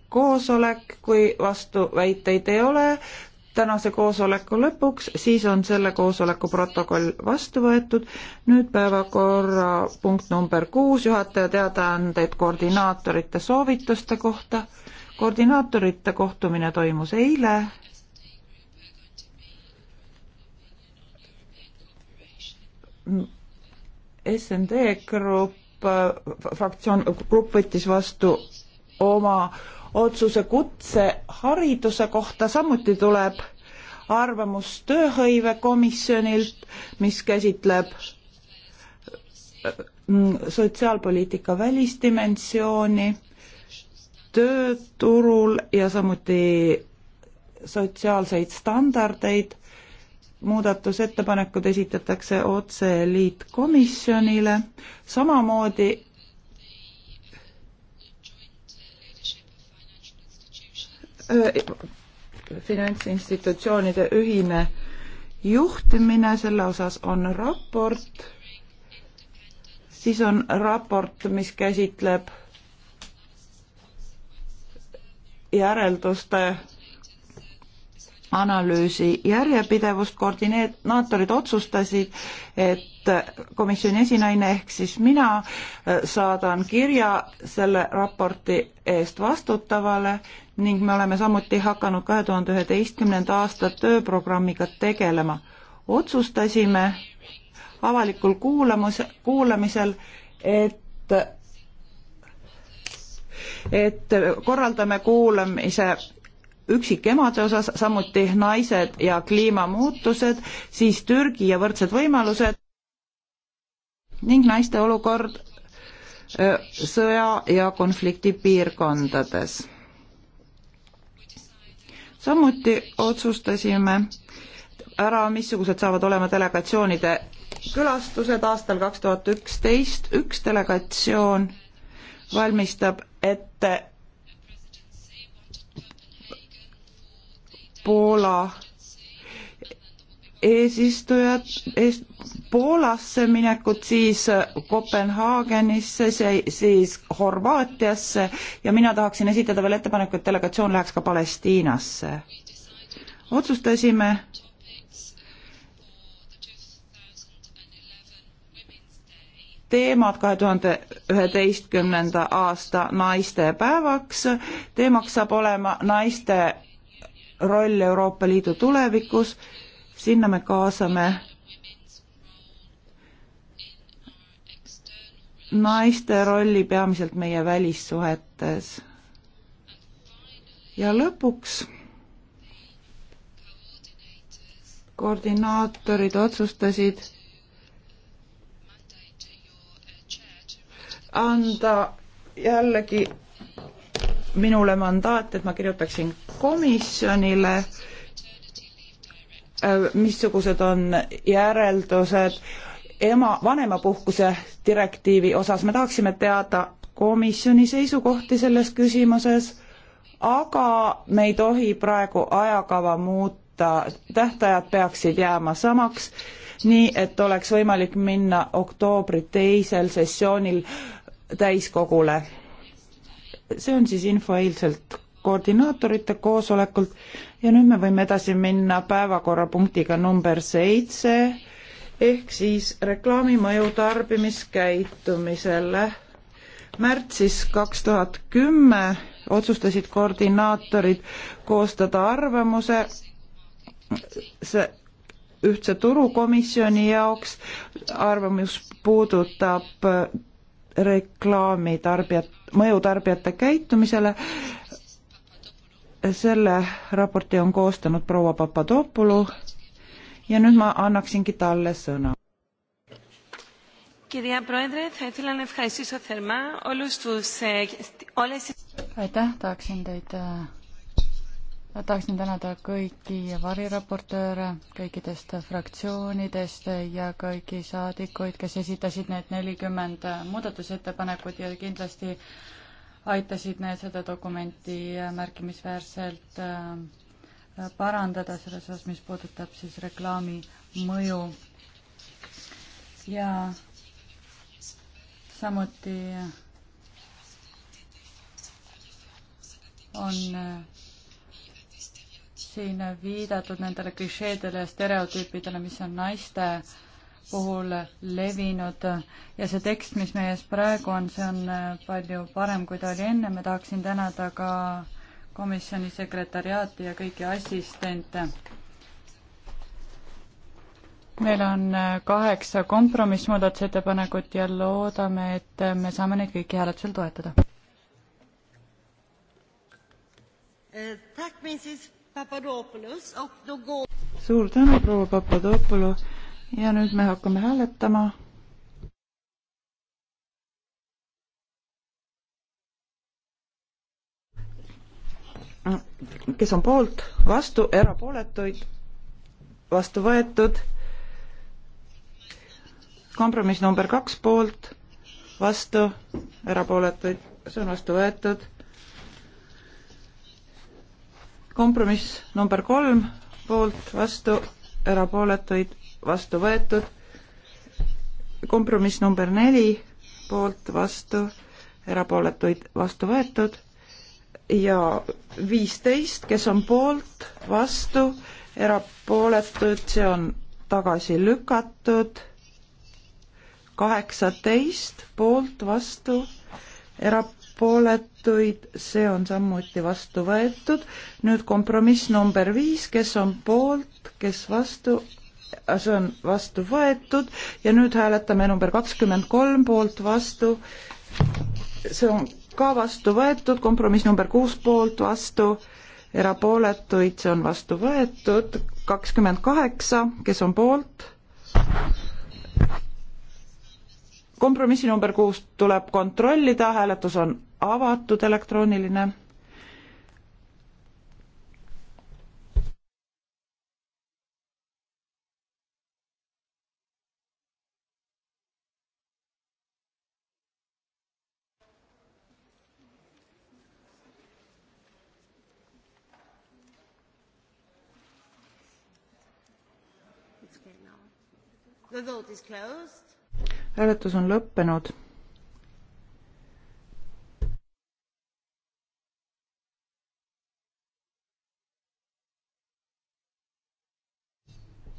koosolek, kui vastuväiteid ei ole, tänase koosoleku lõpuks, siis on selle koosoleku protokoll vastu võetud. nüüd päevakorrapunkt number kuus, juhataja teadaandeid koordinaatorite soovituste kohta. koordinaatorite kohtumine toimus eile. SND Grupp, fraktsioon, grupp võttis vastu oma otsuse kutsehariduse kohta, samuti tuleb arvamus tööhõivekomisjonilt, mis käsitleb mm, sotsiaalpoliitika välisdimensiooni tööturul ja samuti sotsiaalseid standardeid. muudatusettepanekud esitatakse otse liitkomisjonile, samamoodi Äh, finantsinstitutsioonide ühine juhtimine, selle osas on raport, siis on raport, mis käsitleb järelduste analüüsi järjepidevust koordinaatorid otsustasid, et komisjoni esinaine ehk siis mina äh, saadan kirja selle raporti eest vastutavale ning me oleme samuti hakanud kahe tuhande üheteistkümnenda aasta tööprogrammiga tegelema. otsustasime avalikul kuulamus, kuulamisel, et et korraldame kuulamise üksikemade osas, samuti naised ja kliimamuutused, siis Türgi ja võrdsed võimalused ning naiste olukord äh, sõja ja konflikti piirkondades samuti otsustasime ära, missugused saavad olema delegatsioonide külastused aastal kaks tuhat üksteist, üks delegatsioon valmistab ette Poola eesistujat, ees-, Poolasse minekut, siis Kopenhaagenisse, siis Horvaatiasse ja mina tahaksin esitada veel ettepaneku, et delegatsioon läheks ka Palestiinasse. otsustasime teemad kahe tuhande üheteistkümnenda aasta naistepäevaks. teemaks saab olema naiste roll Euroopa Liidu tulevikus sinna me kaasame naiste rolli peamiselt meie välissuhetes. ja lõpuks koordinaatorid otsustasid anda jällegi minule mandaat, et ma kirjutaksin komisjonile äh, Äh, missugused on järeldused ema, vanemapuhkuse direktiivi osas, me tahaksime teada komisjoni seisukohti selles küsimuses, aga me ei tohi praegu ajakava muuta, tähtajad peaksid jääma samaks, nii et oleks võimalik minna oktoobri teisel sessioonil täiskogule. see on siis info eilselt koordinaatorite koosolekult ja nüüd me võime edasi minna päevakorrapunktiga number seitse ehk siis reklaami mõju tarbimiskäitumisele. märtsis kaks tuhat kümme otsustasid koordinaatorid koostada arvamuse see ühtse turukomisjoni jaoks. arvamus puudutab reklaami tarbijat, mõju tarbijate käitumisele selle raporti on koostanud proua Papadopoulou ja nüüd ma annaksingi talle sõna. aitäh, tahaksin teid äh, tahaksin tänada kõiki variraportööre kõikidest fraktsioonidest ja kõiki saadikuid, kes esitasid need nelikümmend muudatusettepanekut ja kindlasti äh, aitasid need seda dokumenti äh, märkimisväärselt äh, parandada selles osas, mis puudutab siis reklaami mõju. ja samuti on äh, siin viidatud nendele klišeedele ja stereotüüpidele, mis on naiste äh, puhul levinud ja see tekst, mis meie ees praegu on, see on äh, palju parem, kui ta oli enne, ma tahaksin tänada ka komisjoni sekretäriaati ja kõiki assistente. meil on äh, kaheksa kompromissmuudatusettepanekut ja loodame, et äh, me saame neid kõiki hääletusel toetada. suur tänu, proua Papadopoulos ja nüüd me hakkame hääletama. kes on poolt, vastu, erapooletuid, vastu võetud. kompromiss number kaks poolt, vastu, erapooletuid, see on vastu võetud. kompromiss number kolm poolt, vastu erapooletuid vastu võetud. kompromiss number neli, poolt, vastu, erapooletuid vastu võetud ja viisteist, kes on poolt, vastu, erapooletud, see on tagasi lükatud. kaheksateist poolt, vastu, erapooletud erapooletuid, see on samuti vastu võetud. nüüd kompromiss number viis, kes on poolt, kes vastu, äh, see on vastu võetud ja nüüd hääletame number kakskümmend kolm poolt vastu. see on ka vastu võetud, kompromiss number kuus poolt vastu, erapooletuid, see on vastu võetud, kakskümmend kaheksa, kes on poolt, kompromissi number kuus tuleb kontrollida, hääletus on avatud, elektrooniline. The vote is closed hääletus on lõppenud.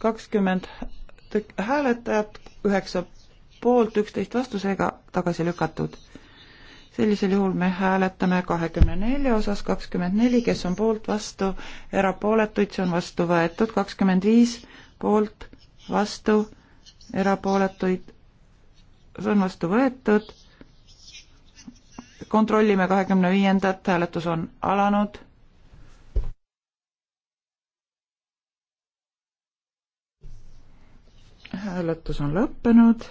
kakskümmend hääletajat, üheksa poolt, üksteist vastusega tagasi lükatud. sellisel juhul me hääletame kahekümne nelja osas, kakskümmend neli, kes on poolt, vastu, erapooletuid, see on vastu võetud, kakskümmend viis poolt, vastu, erapooletuid see on vastu võetud. kontrollime kahekümne viiendat, hääletus on alanud. hääletus on lõppenud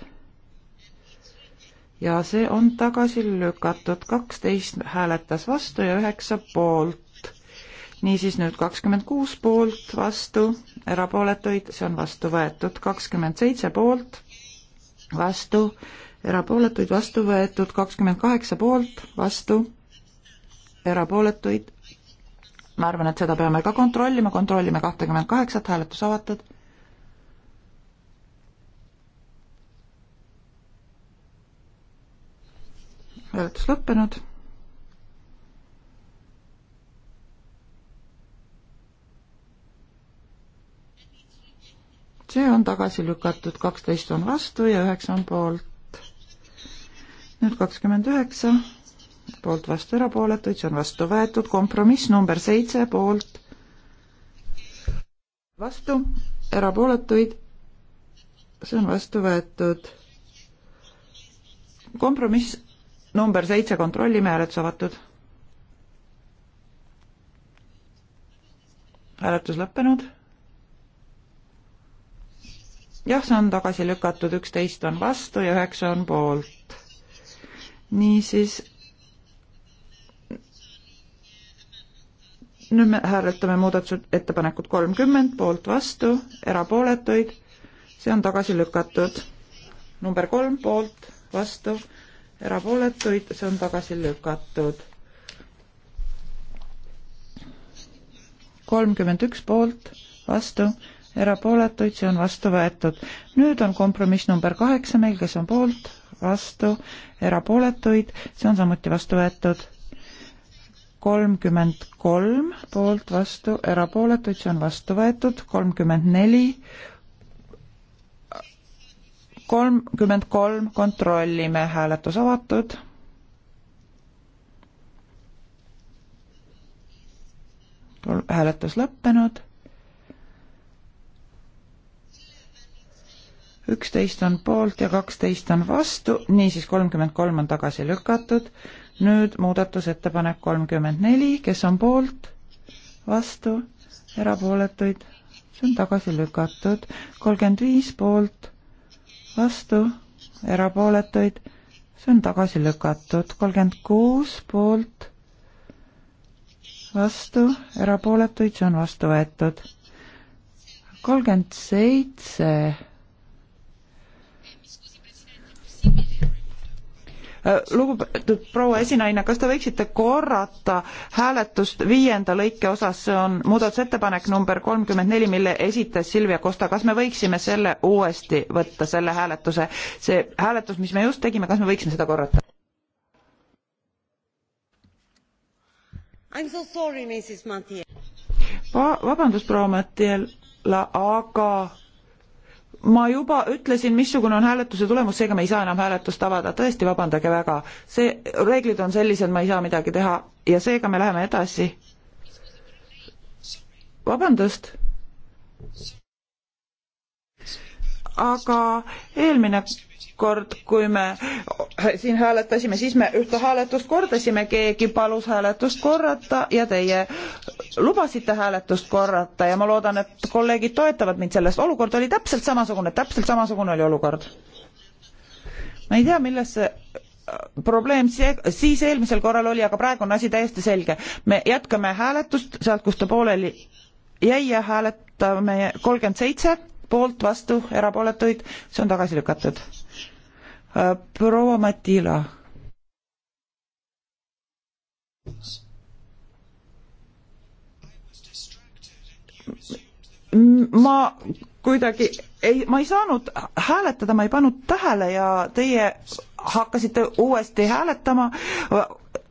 ja see on tagasi lükatud, kaksteist hääletas vastu ja üheksa poolt. niisiis nüüd kakskümmend kuus poolt vastu, erapooletuid, see on vastu võetud, kakskümmend seitse poolt vastu, erapooletuid vastu võetud kakskümmend kaheksa poolt, vastu, erapooletuid. ma arvan, et seda peame ka kontrollima, kontrollime kahtekümmend kaheksat, hääletus avatud. hääletus lõppenud see on tagasi lükatud, kaksteist on vastu ja üheksa on poolt. nüüd kakskümmend üheksa, poolt vastu erapooletuid, see on vastu võetud, kompromiss number seitse, poolt vastu, erapooletuid, see on vastu võetud. kompromiss number seitse, kontrollime, hääletus avatud. hääletus lõppenud jah, see on tagasi lükatud, üksteist on vastu ja üheksa on poolt. niisiis nüüd me hääletame muudatusettepanekut kolmkümmend, poolt vastu, erapooletuid, see on tagasi lükatud. number kolm poolt vastu, erapooletuid, see on tagasi lükatud. kolmkümmend üks poolt vastu, erapooletuid, see on vastu võetud. nüüd on kompromiss number kaheksa meil, kes on poolt, vastu, erapooletuid, see on samuti vastu võetud. kolmkümmend kolm poolt, vastu, erapooletuid, see on vastu võetud, kolmkümmend neli, kolmkümmend kolm, kontrollime, hääletus avatud hääletus lõppenud üksteist on poolt ja kaksteist on vastu, niisiis kolmkümmend kolm on tagasi lükatud. nüüd muudatusettepanek kolmkümmend neli, kes on poolt, vastu, erapooletuid, see on tagasi lükatud. kolmkümmend viis poolt, vastu, erapooletuid, see on tagasi lükatud. kolmkümmend kuus poolt, vastu, erapooletuid, see on vastu võetud. kolmkümmend seitse Äh, lugupeetud proua esinaine, kas te võiksite korrata hääletust viienda lõike osas, see on muudatusettepanek number kolmkümmend neli, mille esitas Silvia Costa, kas me võiksime selle uuesti võtta, selle hääletuse, see hääletus, mis me just tegime, kas me võiksime seda korrata? I am so sorry, Mrs Montiel. Va-, vabandust, proua Montiel, aga ma juba ütlesin, missugune on hääletuse tulemus, seega me ei saa enam hääletust avada, tõesti, vabandage väga. see, reeglid on sellised, ma ei saa midagi teha ja seega me läheme edasi. vabandust. aga eelmine kord, kui me siin hääletasime, siis me ühte hääletust kordasime, keegi palus hääletust korrata ja teie lubasite hääletust korrata ja ma loodan, et kolleegid toetavad mind sellest. olukord oli täpselt samasugune, täpselt samasugune oli olukord. ma ei tea, milles see äh, probleem see, siis eelmisel korral oli, aga praegu on asi täiesti selge. me jätkame hääletust sealt, kus ta pooleli jäi ja hääletame kolmkümmend seitse poolt, vastu, erapooletuid, see on tagasi lükatud Äh, proua Matila. ma kuidagi ei, ma ei saanud hääletada, ma ei pannud tähele ja teie hakkasite uuesti hääletama,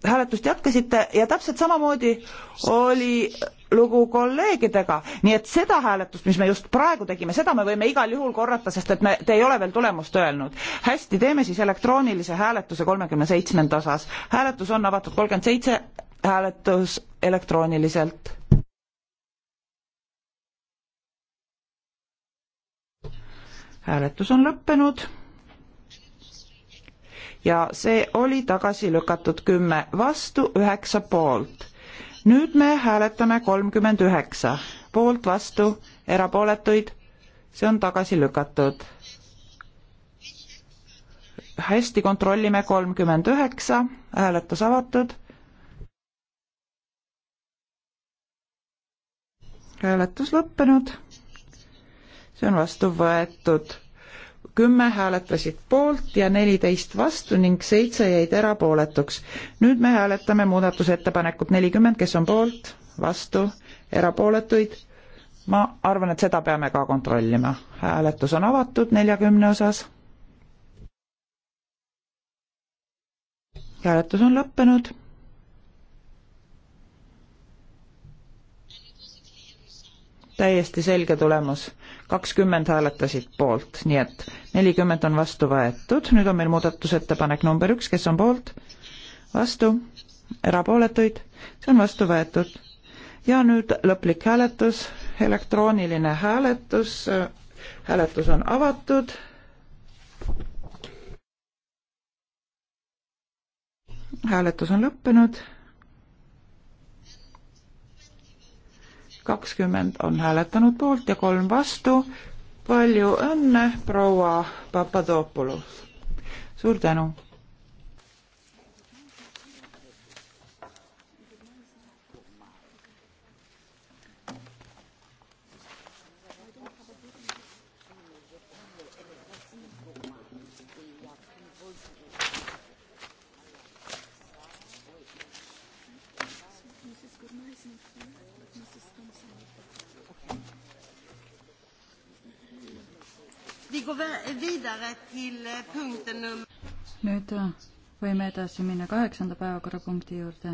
hääletust jätkasite ja täpselt samamoodi oli lugu kolleegidega, nii et seda hääletust, mis me just praegu tegime, seda me võime igal juhul korrata, sest et me, te ei ole veel tulemust öelnud. hästi, teeme siis elektroonilise hääletuse kolmekümne seitsmenda osas. hääletus on avatud kolmkümmend seitse, hääletus elektrooniliselt. hääletus on lõppenud ja see oli tagasi lükatud kümme vastu, üheksa poolt nüüd me hääletame kolmkümmend üheksa, poolt, vastu, erapooletuid, see on tagasi lükatud. hästi, kontrollime kolmkümmend üheksa, hääletus avatud. hääletus lõppenud, see on vastu võetud kümme hääletasid poolt ja neliteist vastu ning seitse jäid erapooletuks. nüüd me hääletame muudatusettepanekut nelikümmend, kes on poolt, vastu, erapooletuid. ma arvan, et seda peame ka kontrollima. hääletus on avatud neljakümne osas. hääletus on lõppenud. täiesti selge tulemus kakskümmend hääletasid poolt, nii et nelikümmend on vastu võetud, nüüd on meil muudatusettepanek number üks, kes on poolt, vastu, erapooletuid, see on vastu võetud. ja nüüd lõplik hääletus, elektrooniline hääletus, hääletus on avatud. hääletus on lõppenud kakskümmend on hääletanud poolt ja kolm vastu. palju õnne, proua Papadopoulos! suur tänu! Eh, nüüd eh, võime edasi minna kaheksanda päevakorrapunkti juurde.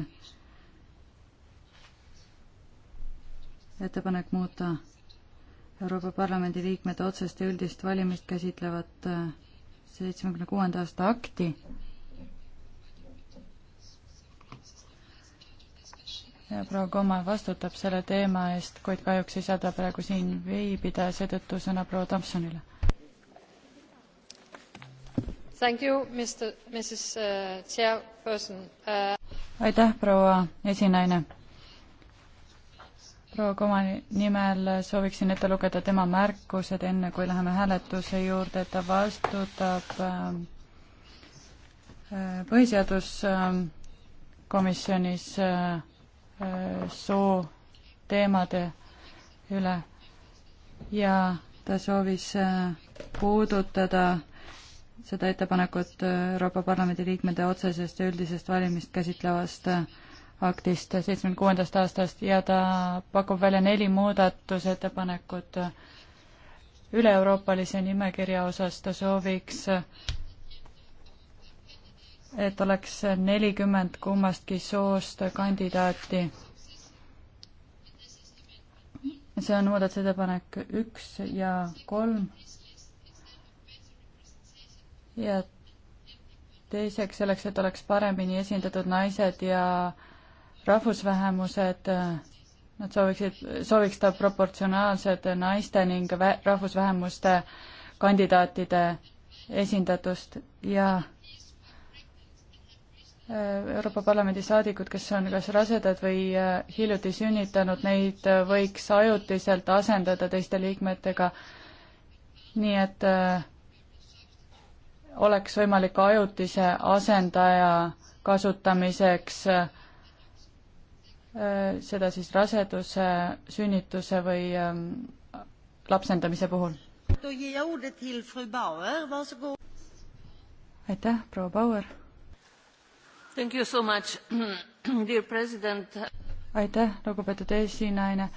ettepanek muuta Euroopa Parlamendi liikmete otsest ja üldist valimist käsitlevat eh, seitsmekümne kuuenda aasta akti. ja proua Komal vastutab selle teema eest, kuid kahjuks ei saa ta praegu siin viibida, seetõttu sõna proua Tomsonile Uh, uh, aitäh, proua esinaine. proua Komani nimel sooviksin ette lugeda tema märkused, enne kui läheme hääletuse juurde, ta vastutab äh, äh, põhiseaduskomisjonis äh, soo teemade üle ja ta soovis puudutada äh, seda ettepanekut Euroopa Parlamendi liikmete otsesest ja üldisest valimist käsitlevast aktist seitsmekümne kuuendast aastast ja ta pakub välja neli muudatusettepanekut üle-euroopalise nimekirja osas ta sooviks, et oleks nelikümmend kummastki soost kandidaati. see on muudatusettepanek üks ja kolm ja teiseks selleks, et oleks paremini esindatud naised ja rahvusvähemused, nad sooviksid, sooviks ta proportsionaalsed naiste ning rahvusvähemuste kandidaatide esindatust ja äh, Euroopa Parlamendi saadikud, kes on kas rasedad või äh, hiljuti sünnitanud, neid äh, võiks ajutiselt asendada teiste liikmetega. nii et äh, oleks võimalik ajutise asendaja kasutamiseks äh, seda siis raseduse, sünnituse või ähm, lapsendamise puhul. aitäh, proua Bauer. aitäh, lugupeetud esinaine.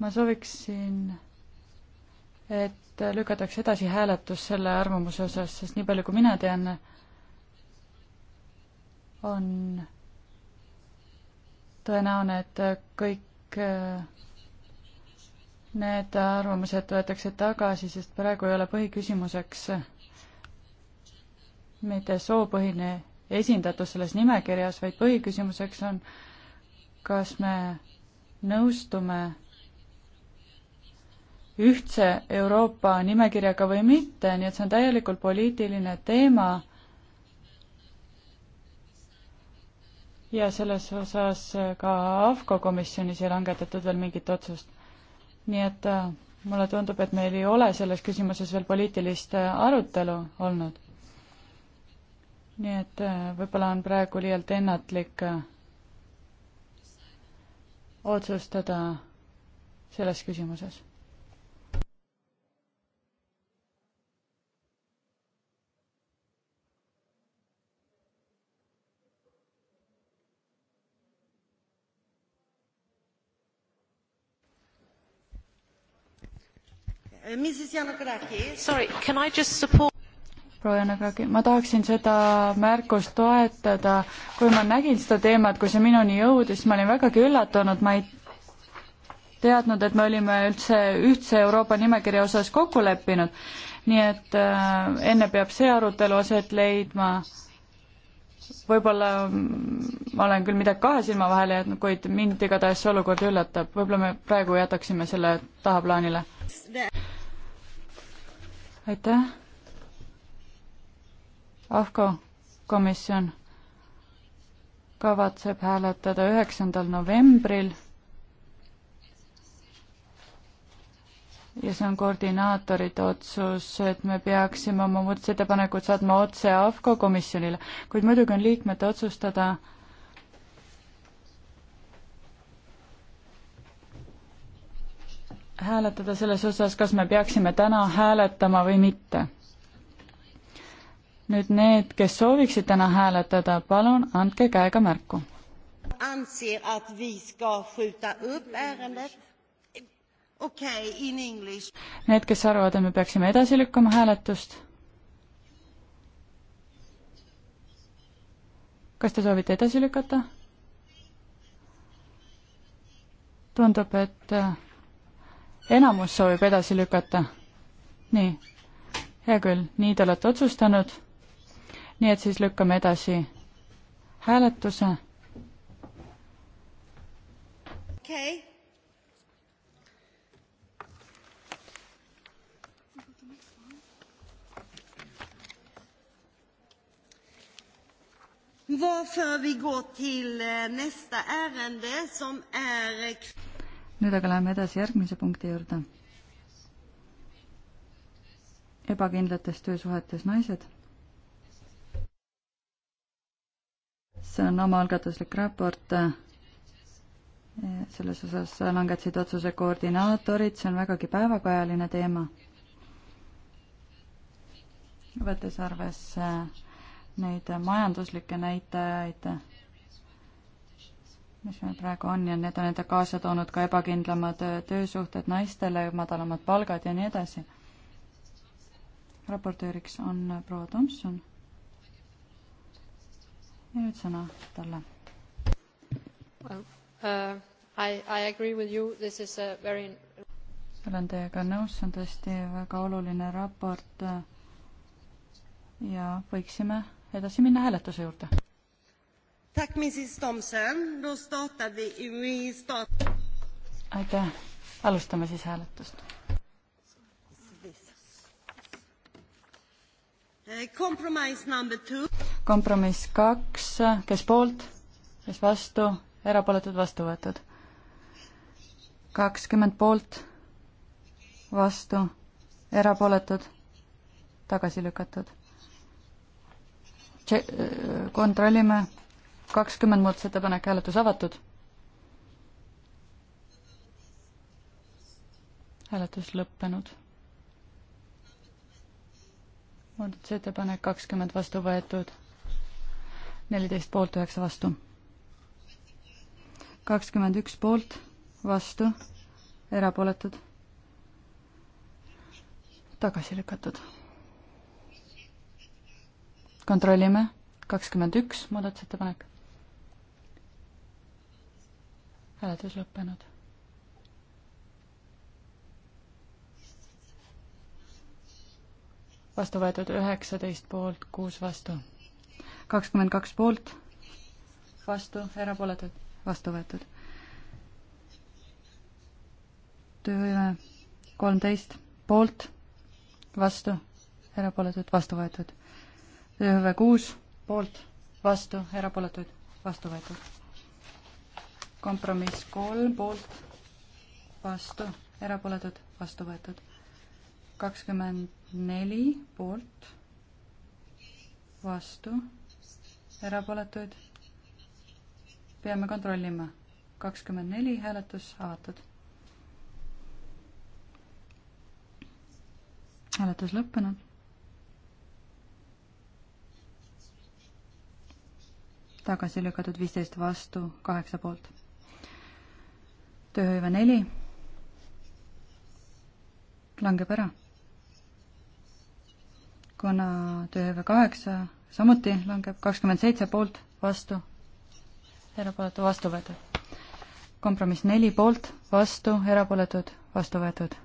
ma sooviksin et lükatakse edasi hääletus selle arvamuse osas, sest nii palju, kui mina tean, on tõenäone, et kõik äh, need arvamused võetakse tagasi, sest praegu ei ole põhiküsimuseks mitte soopõhine esindatus selles nimekirjas, vaid põhiküsimuseks on, kas me nõustume ühtse Euroopa nimekirjaga või mitte, nii et see on täielikult poliitiline teema. ja selles osas ka AFCO komisjonis ei langetatud veel mingit otsust. nii et äh, mulle tundub, et meil ei ole selles küsimuses veel poliitilist äh, arutelu olnud. nii et äh, võib-olla on praegu liialt ennatlik otsustada selles küsimuses Eh, proua Janagraki, ma tahaksin seda märkust toetada. kui ma nägin seda teemat, kui see minuni jõudis, ma olin vägagi üllatunud, ma ei teadnud, et me olime üldse ühtse Euroopa nimekirja osas kokku leppinud. nii et äh, enne peab see arutelu aset leidma. võib-olla mm, ma olen küll midagi kahe silma vahele jätnud, kuid mind igatahes see olukord üllatab. võib-olla me praegu jätaksime selle tahaplaanile aitäh. AFCO komisjon kavatseb hääletada üheksandal novembril ja see on koordinaatorite otsus, et me peaksime oma muudatusettepanekud saatma otse AFCO komisjonile, kuid muidugi on liikmete otsustada, hääletada selles osas, kas me peaksime täna hääletama või mitte. nüüd need, kes sooviksid täna hääletada, palun andke käega märku. Need, kes arvavad, et me peaksime edasi lükkama hääletust. kas te soovite edasi lükata? tundub, et äh, enamus soovib edasi lükata. nii, hea küll, nii te olete otsustanud. nii et siis lükkame edasi hääletuse. okei okay.. Varför vi går till eh, nästa ärende som är nüüd aga läheme edasi järgmise punkti juurde. ebakindlates töösuhetes naised. see on omaalgatuslik raport. selles osas langetasid otsuse koordinaatorid, see on vägagi päevakajaline teema. võttes arvesse neid majanduslikke näitajaid mis meil praegu on ja need on enda kaasa toonud ka ebakindlamad äh, töösuhted naistele, madalamad palgad ja nii edasi. raportööriks on äh, proua Tomson. ja nüüd sõna talle well,. Uh, I, I agree with you, this is a very olen teiega nõus, see on tõesti väga oluline raport äh, ja võiksime edasi minna hääletuse juurde. Tack, Mrs Thompson. Då startar vi, vi start... aitäh, alustame siis hääletust. Eh, kompromiss kaks, kes poolt, kes vastu, erapooletud, vastu võetud. kakskümmend poolt, vastu, erapooletud, tagasi lükatud. Eh, kontrollime kakskümmend muudatusettepanek, hääletus avatud. hääletus lõppenud. muudatusettepanek kakskümmend vastu võetud, neliteist poolt, üheksa vastu. kakskümmend üks poolt, vastu, erapooletud, tagasi lükatud. kontrollime kakskümmend üks muudatusettepanek. hääletus lõppenud. vastu võetud üheksateist poolt, kuus vastu. kakskümmend kaks poolt, vastu, erapooletud, vastu võetud. tööhõive kolmteist poolt, vastu, erapooletud, vastu võetud. tööhõive kuus poolt, vastu, erapooletud, vastu võetud kompromiss kolm poolt, vastu, erapooletud, vastu võetud. kakskümmend neli poolt, vastu, erapooletuid. peame kontrollima. kakskümmend neli hääletus avatud. hääletus lõppenud. tagasi lükatud viisteist vastu, kaheksa poolt tööhõive neli langeb ära. kuna tööhõive kaheksa samuti langeb, kakskümmend seitse poolt, vastu, erapooletu, vastu võetud. kompromiss neli poolt, vastu, erapooletud, vastu võetud.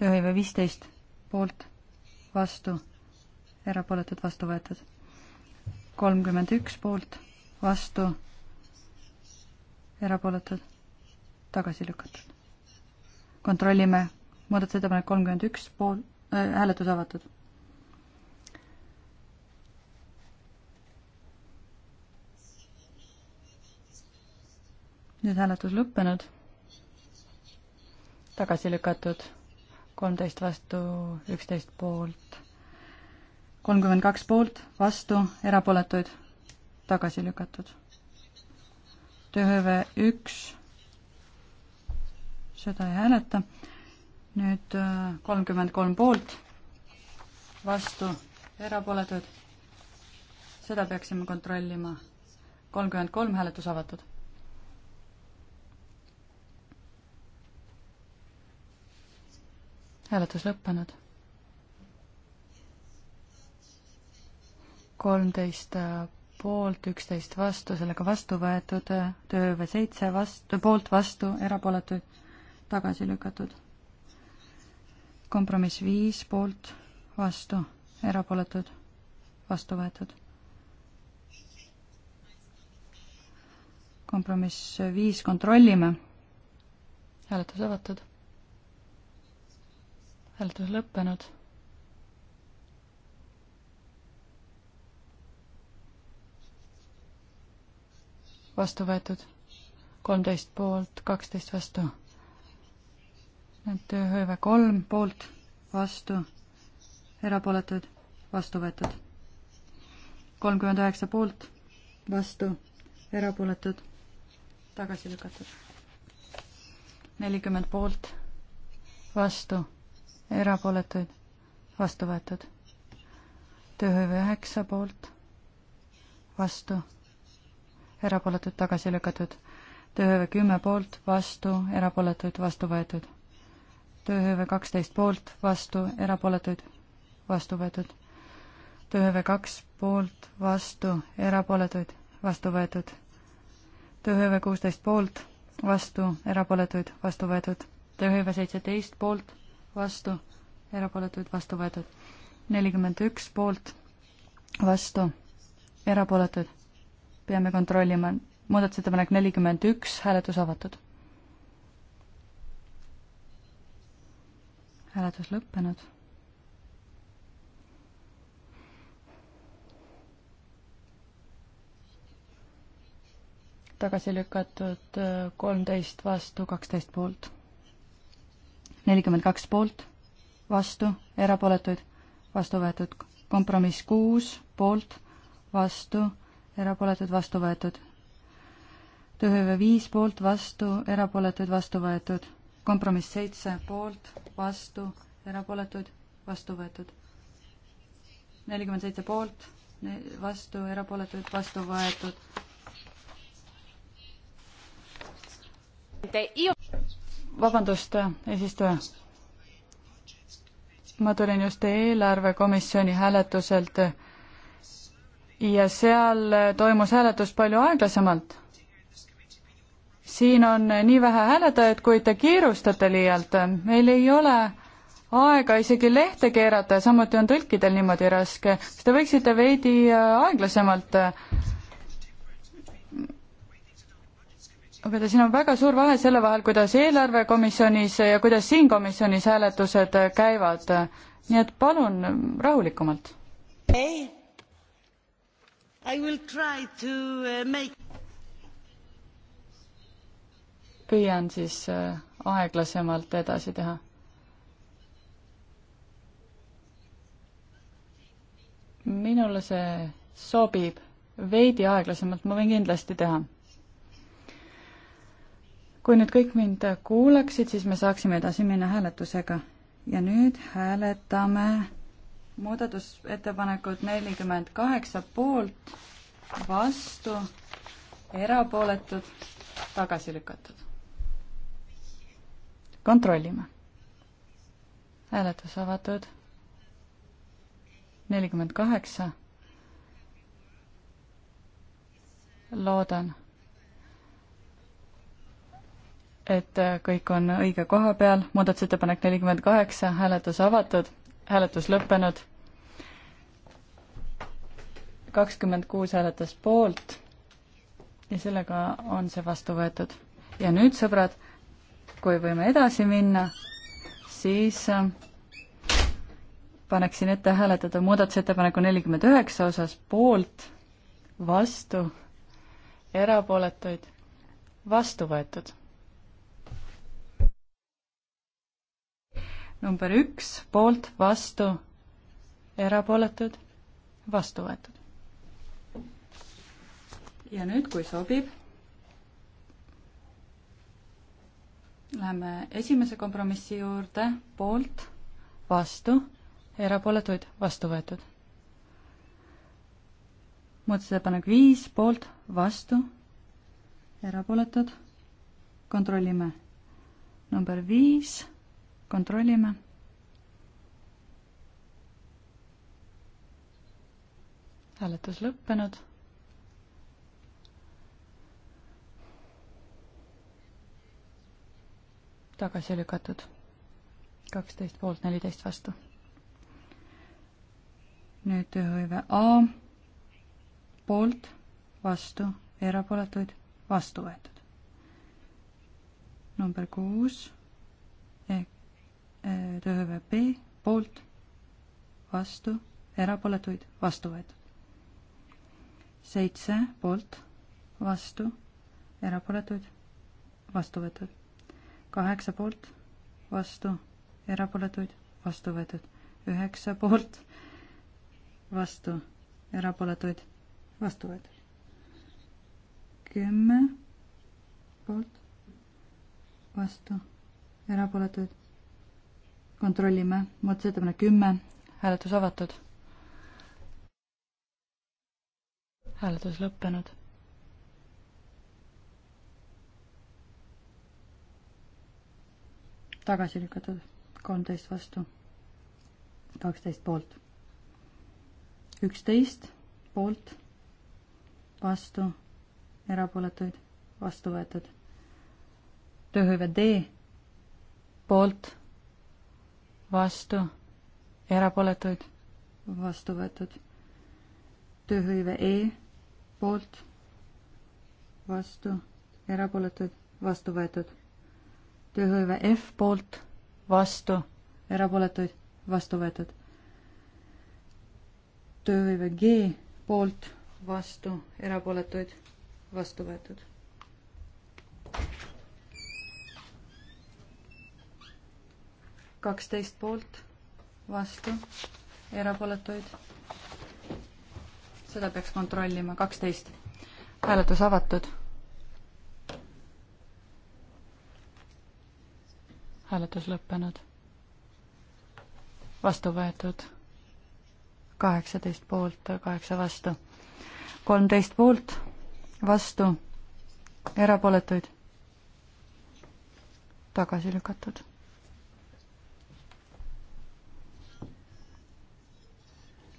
tööhõive viisteist poolt, vastu, erapooletud, vastu võetud. kolmkümmend üks poolt, vastu, erapooletud tagasi lükatud. kontrollime muudatusettepanek kolmkümmend üks pool äh,, hääletus avatud. nüüd hääletus lõppenud. tagasi lükatud kolmteist vastu, üksteist poolt, kolmkümmend kaks poolt, vastu, erapooletuid, tagasi lükatud. tööhõive üks seda ei hääleta. nüüd äh, kolmkümmend kolm poolt, vastu, erapooletud. seda peaksime kontrollima. kolmkümmend kolm hääletus avatud. hääletus lõppenud kolmteist äh, poolt, üksteist vastu, sellega vastu võetud, äh, töö või seitse vastu, poolt vastu, erapooletuid tagasi lükatud. kompromiss viis poolt, vastu, erapooletud, vastu võetud. kompromiss viis, kontrollime. hääletus avatud. hääletus lõppenud. vastu võetud kolmteist poolt, kaksteist vastu tööhõive kolm poolt, vastu, erapooletud, vastu võetud. kolmkümmend üheksa poolt, vastu, erapooletud, tagasi lükatud. nelikümmend poolt, vastu, erapooletuid, vastu võetud. tööhõive üheksa poolt, vastu, erapooletud, tagasi lükatud. tööhõive kümme poolt, vastu, erapooletuid, vastu võetud tööhõive kaksteist poolt, vastu, erapooletuid, vastu võetud. tööhõive kaks poolt, vastu, erapooletuid, vastu võetud. tööhõive kuusteist poolt, vastu, erapooletuid, vastu võetud. tööhõive seitseteist poolt, vastu, erapooletuid, vastu võetud. nelikümmend üks poolt, vastu, erapooletuid. peame kontrollima. muudatusettepanek nelikümmend üks, hääletus avatud hääletus lõppenud. tagasi lükatud äh, kolmteist vastu, kaksteist poolt. nelikümmend kaks poolt, vastu, erapooletuid, vastu võetud. kompromiss kuus poolt, vastu, erapooletuid, vastu võetud. tööhõive viis poolt, vastu, erapooletuid, vastu võetud kompromiss seitse poolt, vastu, erapooletuid, vastu võetud. nelikümmend seitse poolt, vastu, erapooletuid, vastu võetud. vabandust, eesistuja. ma tulin just eelarvekomisjoni hääletuselt ja seal toimus hääletus palju aeglasemalt siin on nii vähe hääletajaid, kuid te kiirustate liialt. meil ei ole aega isegi lehte keerata ja samuti on tõlkidel niimoodi raske. kas te võiksite veidi äh, aeglasemalt aga ta, siin on väga suur vahe selle vahel, kuidas eelarvekomisjonis ja kuidas siin komisjonis hääletused käivad. nii et palun rahulikumalt hey.. Uh, make püüan siis äh, aeglasemalt edasi teha. minule see sobib veidi aeglasemalt, ma võin kindlasti teha. kui nüüd kõik mind kuulaksid, siis me saaksime edasi minna hääletusega. ja nüüd hääletame muudatusettepanekut nelikümmend kaheksa poolt, vastu, erapooletud, tagasi lükatud kontrollime. hääletus avatud. nelikümmend kaheksa. loodan, et kõik on õige koha peal. muudatusettepanek nelikümmend kaheksa, hääletus avatud, hääletus lõppenud. kakskümmend kuus hääletas poolt ja sellega on see vastu võetud. ja nüüd, sõbrad kui võime edasi minna, siis äh, paneksin ette hääletada muudatusettepaneku nelikümmend üheksa osas poolt, vastu, erapooletuid, vastu võetud. number üks, poolt, vastu, erapooletud, vastu võetud. ja nüüd, kui sobib Läheme esimese kompromissi juurde, poolt, vastu, erapooletuid, vastu võetud. muudatusettepanek viis, poolt, vastu, erapooletud, kontrollime. number viis, kontrollime. hääletus lõppenud tagasi lükatud. kaksteist poolt, neliteist vastu. nüüd tööhõive A poolt, vastu, erapooletuid, vastu võetud. number kuus ehk äh, tööhõive B poolt, vastu, erapooletuid, vastu võetud. seitse poolt, vastu, erapooletuid, vastu võetud kaheksa poolt, vastu, erapooletuid, vastu võetud. üheksa poolt, vastu, erapooletuid, vastu võetud. kümme poolt, vastu, erapooletuid. kontrollime, muudatusettepanek kümme, hääletus avatud. hääletus lõppenud tagasi lükatud, kolmteist vastu, kaksteist poolt, üksteist poolt, vastu, erapooletuid, vastu võetud. tööhõive D poolt, vastu, erapooletuid, vastu võetud. tööhõive E poolt, vastu, erapooletuid, vastu võetud tööhõive F poolt, vastu, erapooletuid, vastu võetud. tööhõive G poolt, vastu, erapooletuid, vastu võetud. kaksteist poolt, vastu, erapooletuid. seda peaks kontrollima, kaksteist. hääletus avatud hääletus lõppenud. vastu võetud kaheksateist poolt, kaheksa vastu. kolmteist poolt, vastu, erapooletuid tagasi lükatud.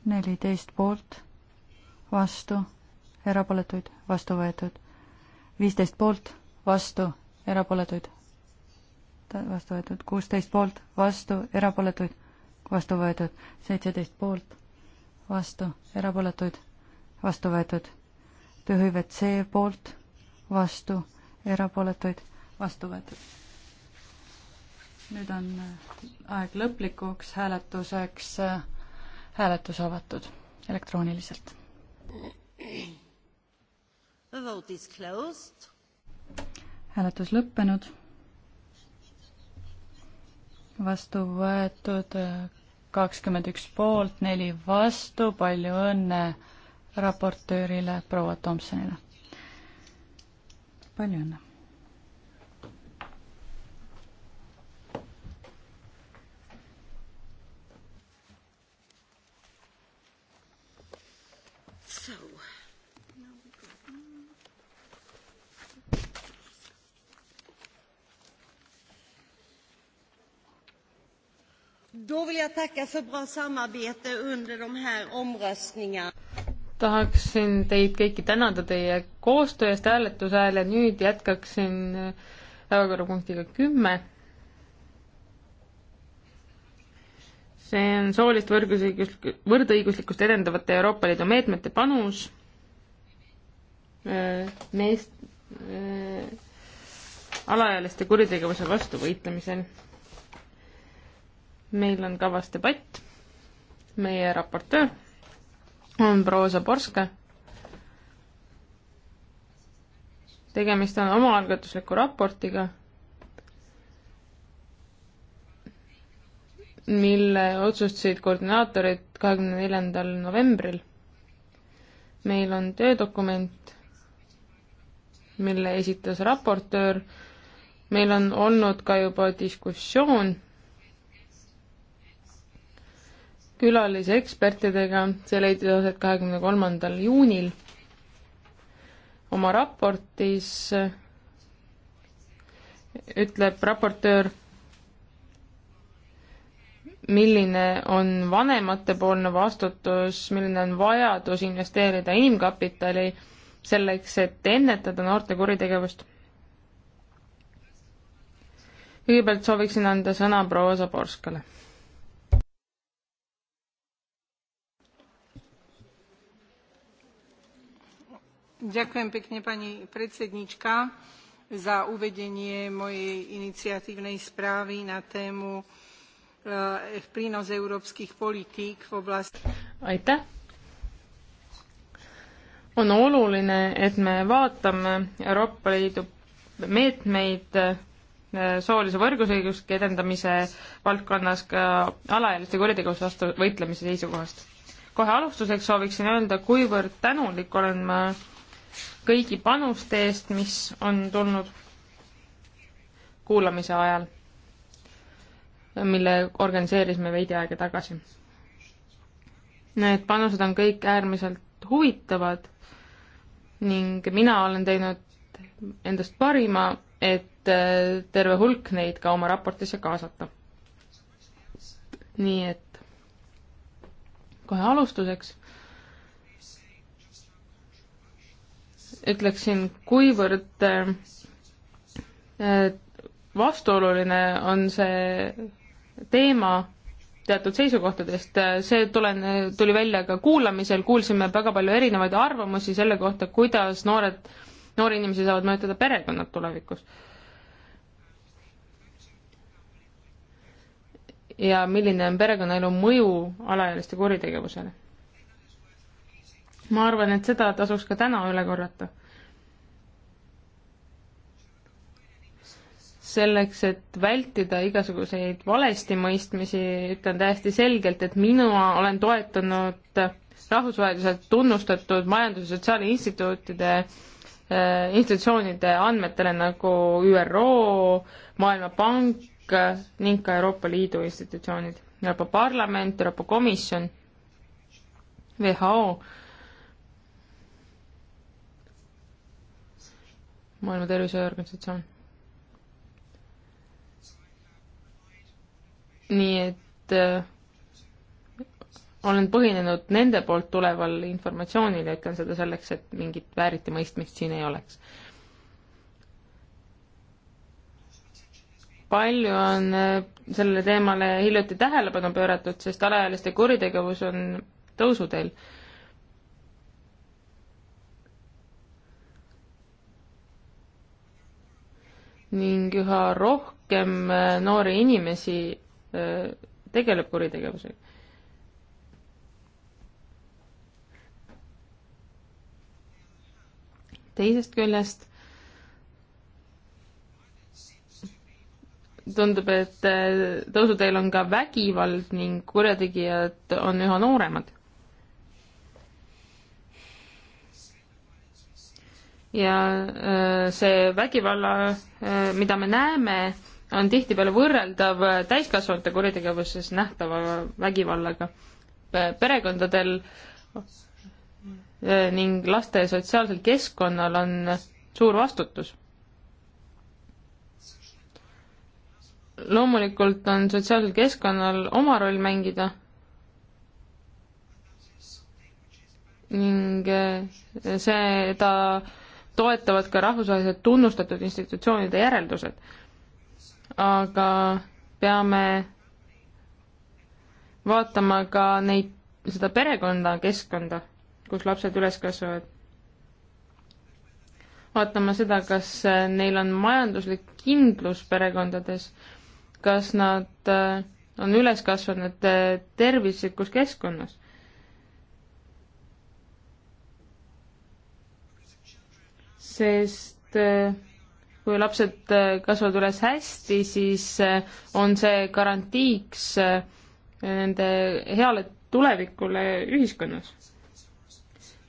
neliteist poolt, vastu, erapooletuid, vastu võetud. viisteist poolt, vastu, erapooletuid, vastu võetud, kuusteist poolt, vastu, erapooletuid, vastu võetud, seitseteist poolt, vastu, erapooletuid, vastu võetud, tööhõivet C poolt, vastu, erapooletuid, vastu võetud. nüüd on aeg lõplikuks hääletuseks, hääletus avatud elektrooniliselt. hääletus lõppenud vastu võetud äh, kakskümmend üks poolt, neli vastu, palju õnne raportöörile proua Tomsonile. palju õnne! Då vill jag tacka för bra samarbete under de här omröstningarna. tahaksin teid kõiki tänada teie koostöö eest hääletuse ajal ja nüüd jätkaksin eh, päevakorrapunktiga kümme. see on soolist võrdõiguslik-, võrdõiguslikkust edendavate Euroopa Liidu meetmete panus eh, meest, eh, alaealiste kuritegevuse vastu võitlemisel meil on kavas debatt, meie raportöör on proua Zaborska. tegemist on omaalgatusliku raportiga, mille otsustasid koordinaatorid kahekümne neljandal novembril. meil on töödokument, mille esitas raportöör, meil on olnud ka juba diskussioon külalisekspertidega, see leidis aset kahekümne kolmandal juunil. oma raportis ütleb raportöör, milline on vanematepoolne vastutus, milline on vajadus investeerida inimkapitali selleks, et ennetada noorte kuritegevust. kõigepealt sooviksin anda sõna proua Zaborskale ďakujem pekne pani predsedníčka za uvedenie mojej iniciatívnej správy na tému eh, prínos európskych politík v oblasti. aitäh! on oluline, et me vaatame Euroopa Liidu meetmeid eh, soolise võrgusõiguste edendamise valdkonnas ka alaealiste kuritegevuse vastu võitlemise seisukohast. kohe alustuseks sooviksin öelda, kuivõrd tänulik olen ma kõigi panuste eest, mis on tulnud kuulamise ajal, mille organiseerisime veidi aega tagasi. Need panused on kõik äärmiselt huvitavad ning mina olen teinud endast parima, et äh, terve hulk neid ka oma raportisse kaasata. nii et kohe alustuseks ütleksin, kuivõrd äh, vastuoluline on see teema teatud seisukohtadest, see tulen, tuli välja ka kuulamisel, kuulsime väga palju erinevaid arvamusi selle kohta, kuidas noored, noori inimesi saavad mõjutada perekonnad tulevikus. ja milline on perekonnaelu mõju alaealiste kuritegevusele ma arvan, et seda tasuks ka täna üle korrata. selleks, et vältida igasuguseid valestimõistmisi, ütlen täiesti selgelt, et mina olen toetanud rahvusvaheliselt tunnustatud majandus- ja sotsiaalinstituutide eh, institutsioonide andmetele nagu ÜRO, Maailmapank ning ka Euroopa Liidu institutsioonid, Euroopa Parlament, Euroopa Komisjon, WHO maailma Terviseorganisatsioon. nii et äh, olen põhinenud nende poolt tuleval informatsioonil ja ütlen seda selleks, et mingit vääritimõistmist siin ei oleks. palju on äh, sellele teemale hiljuti tähelepanu pööratud, sest alaealiste kuritegevus on tõusuteel äh, ning üha rohkem äh, noori inimesi äh, tegeleb kuritegevusega. teisest küljest tundub, et äh, tõusuteel on ka vägivald ning kurjategijad on üha nooremad. ja äh, see vägivalla, äh, mida me näeme, on tihtipeale võrreldav täiskasvanute kuritegevuses nähtava vägivallaga. perekondadel äh, ning laste sotsiaalsel keskkonnal on suur vastutus loomulikult on sotsiaalsel keskkonnal oma roll mängida ning seda toetavad ka rahvusvaheliselt tunnustatud institutsioonide järeldused. aga peame vaatama ka neid, seda perekonda, keskkonda, kus lapsed üles kasvavad. vaatama seda, kas neil on majanduslik kindlus perekondades, kas nad äh, on üles kasvanud äh, tervislikus keskkonnas sest eh, kui lapsed eh, kasvavad üles hästi, siis eh, on see garantiiks nende heale tulevikule ühiskonnas.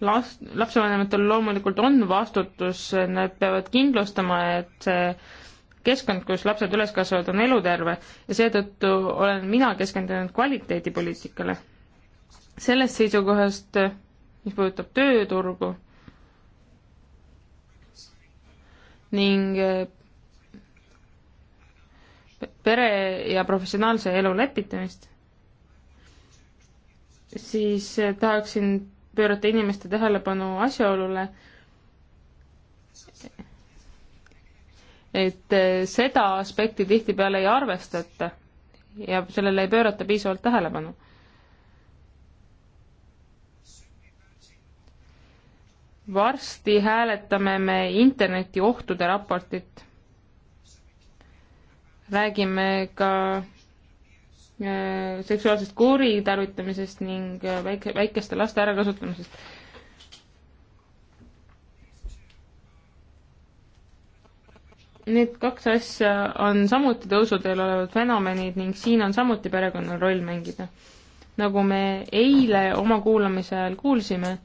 Last, lapsevanematel loomulikult on vastutus, nad peavad kindlustama, et see keskkond, kus lapsed üles kasvavad, on eluterve ja seetõttu olen mina keskendunud kvaliteedipoliitikale. sellest seisukohast, mis puudutab tööturgu ning eh, pere ja professionaalse elu lepitamist, siis eh, tahaksin pöörata inimeste tähelepanu asjaolule, et eh, seda aspekti tihtipeale ei arvestata ja sellele ei pöörata piisavalt tähelepanu varsti hääletame me internetiohtude raportit. räägime ka äh, seksuaalsest kuritarvitamisest ning äh, väike, väikeste laste ärakasutamisest. Need kaks asja on samuti tõusuteel olevad fenomenid ning siin on samuti perekonnal roll mängida. nagu me eile oma kuulamise ajal kuulsime,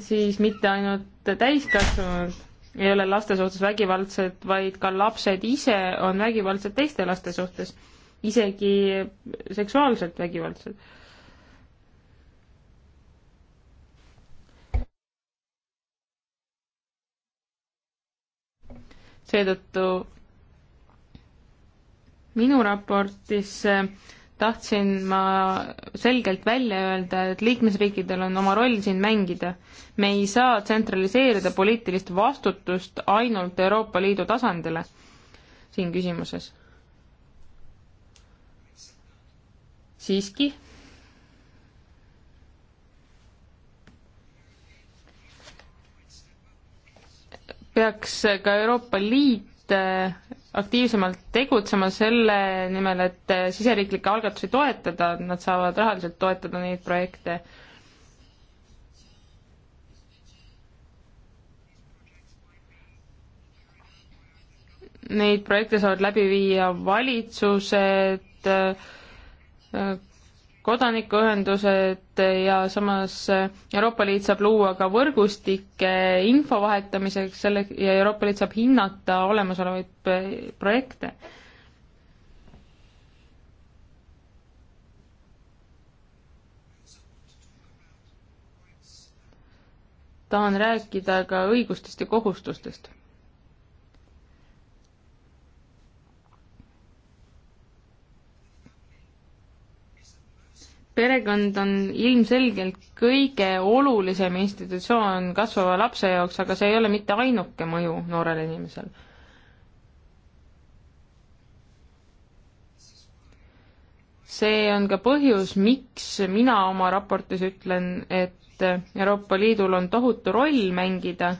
siis mitte ainult täiskasvanud ei ole laste suhtes vägivaldsed, vaid ka lapsed ise on vägivaldsed teiste laste suhtes, isegi seksuaalselt vägivaldsed. seetõttu minu raportis äh, tahtsin ma selgelt välja öelda, et liikmesriikidel on oma roll siin mängida. me ei saa tsentraliseerida poliitilist vastutust ainult Euroopa Liidu tasandile siin küsimuses. siiski. peaks ka Euroopa Liit aktiivsemalt tegutsema selle nimel, et siseriiklikke algatusi toetada, nad saavad rahaliselt toetada neid projekte. Neid projekte saavad läbi viia valitsused, kodanikuühendused ja samas Euroopa Liit saab luua ka võrgustikke info vahetamiseks selle ja Euroopa Liit saab hinnata olemasolevaid projekte. tahan rääkida ka õigustest ja kohustustest perekond on ilmselgelt kõige olulisem institutsioon kasvava lapse jaoks, aga see ei ole mitte ainuke mõju noorel inimesel. see on ka põhjus, miks mina oma raportis ütlen, et Euroopa Liidul on tohutu roll mängida,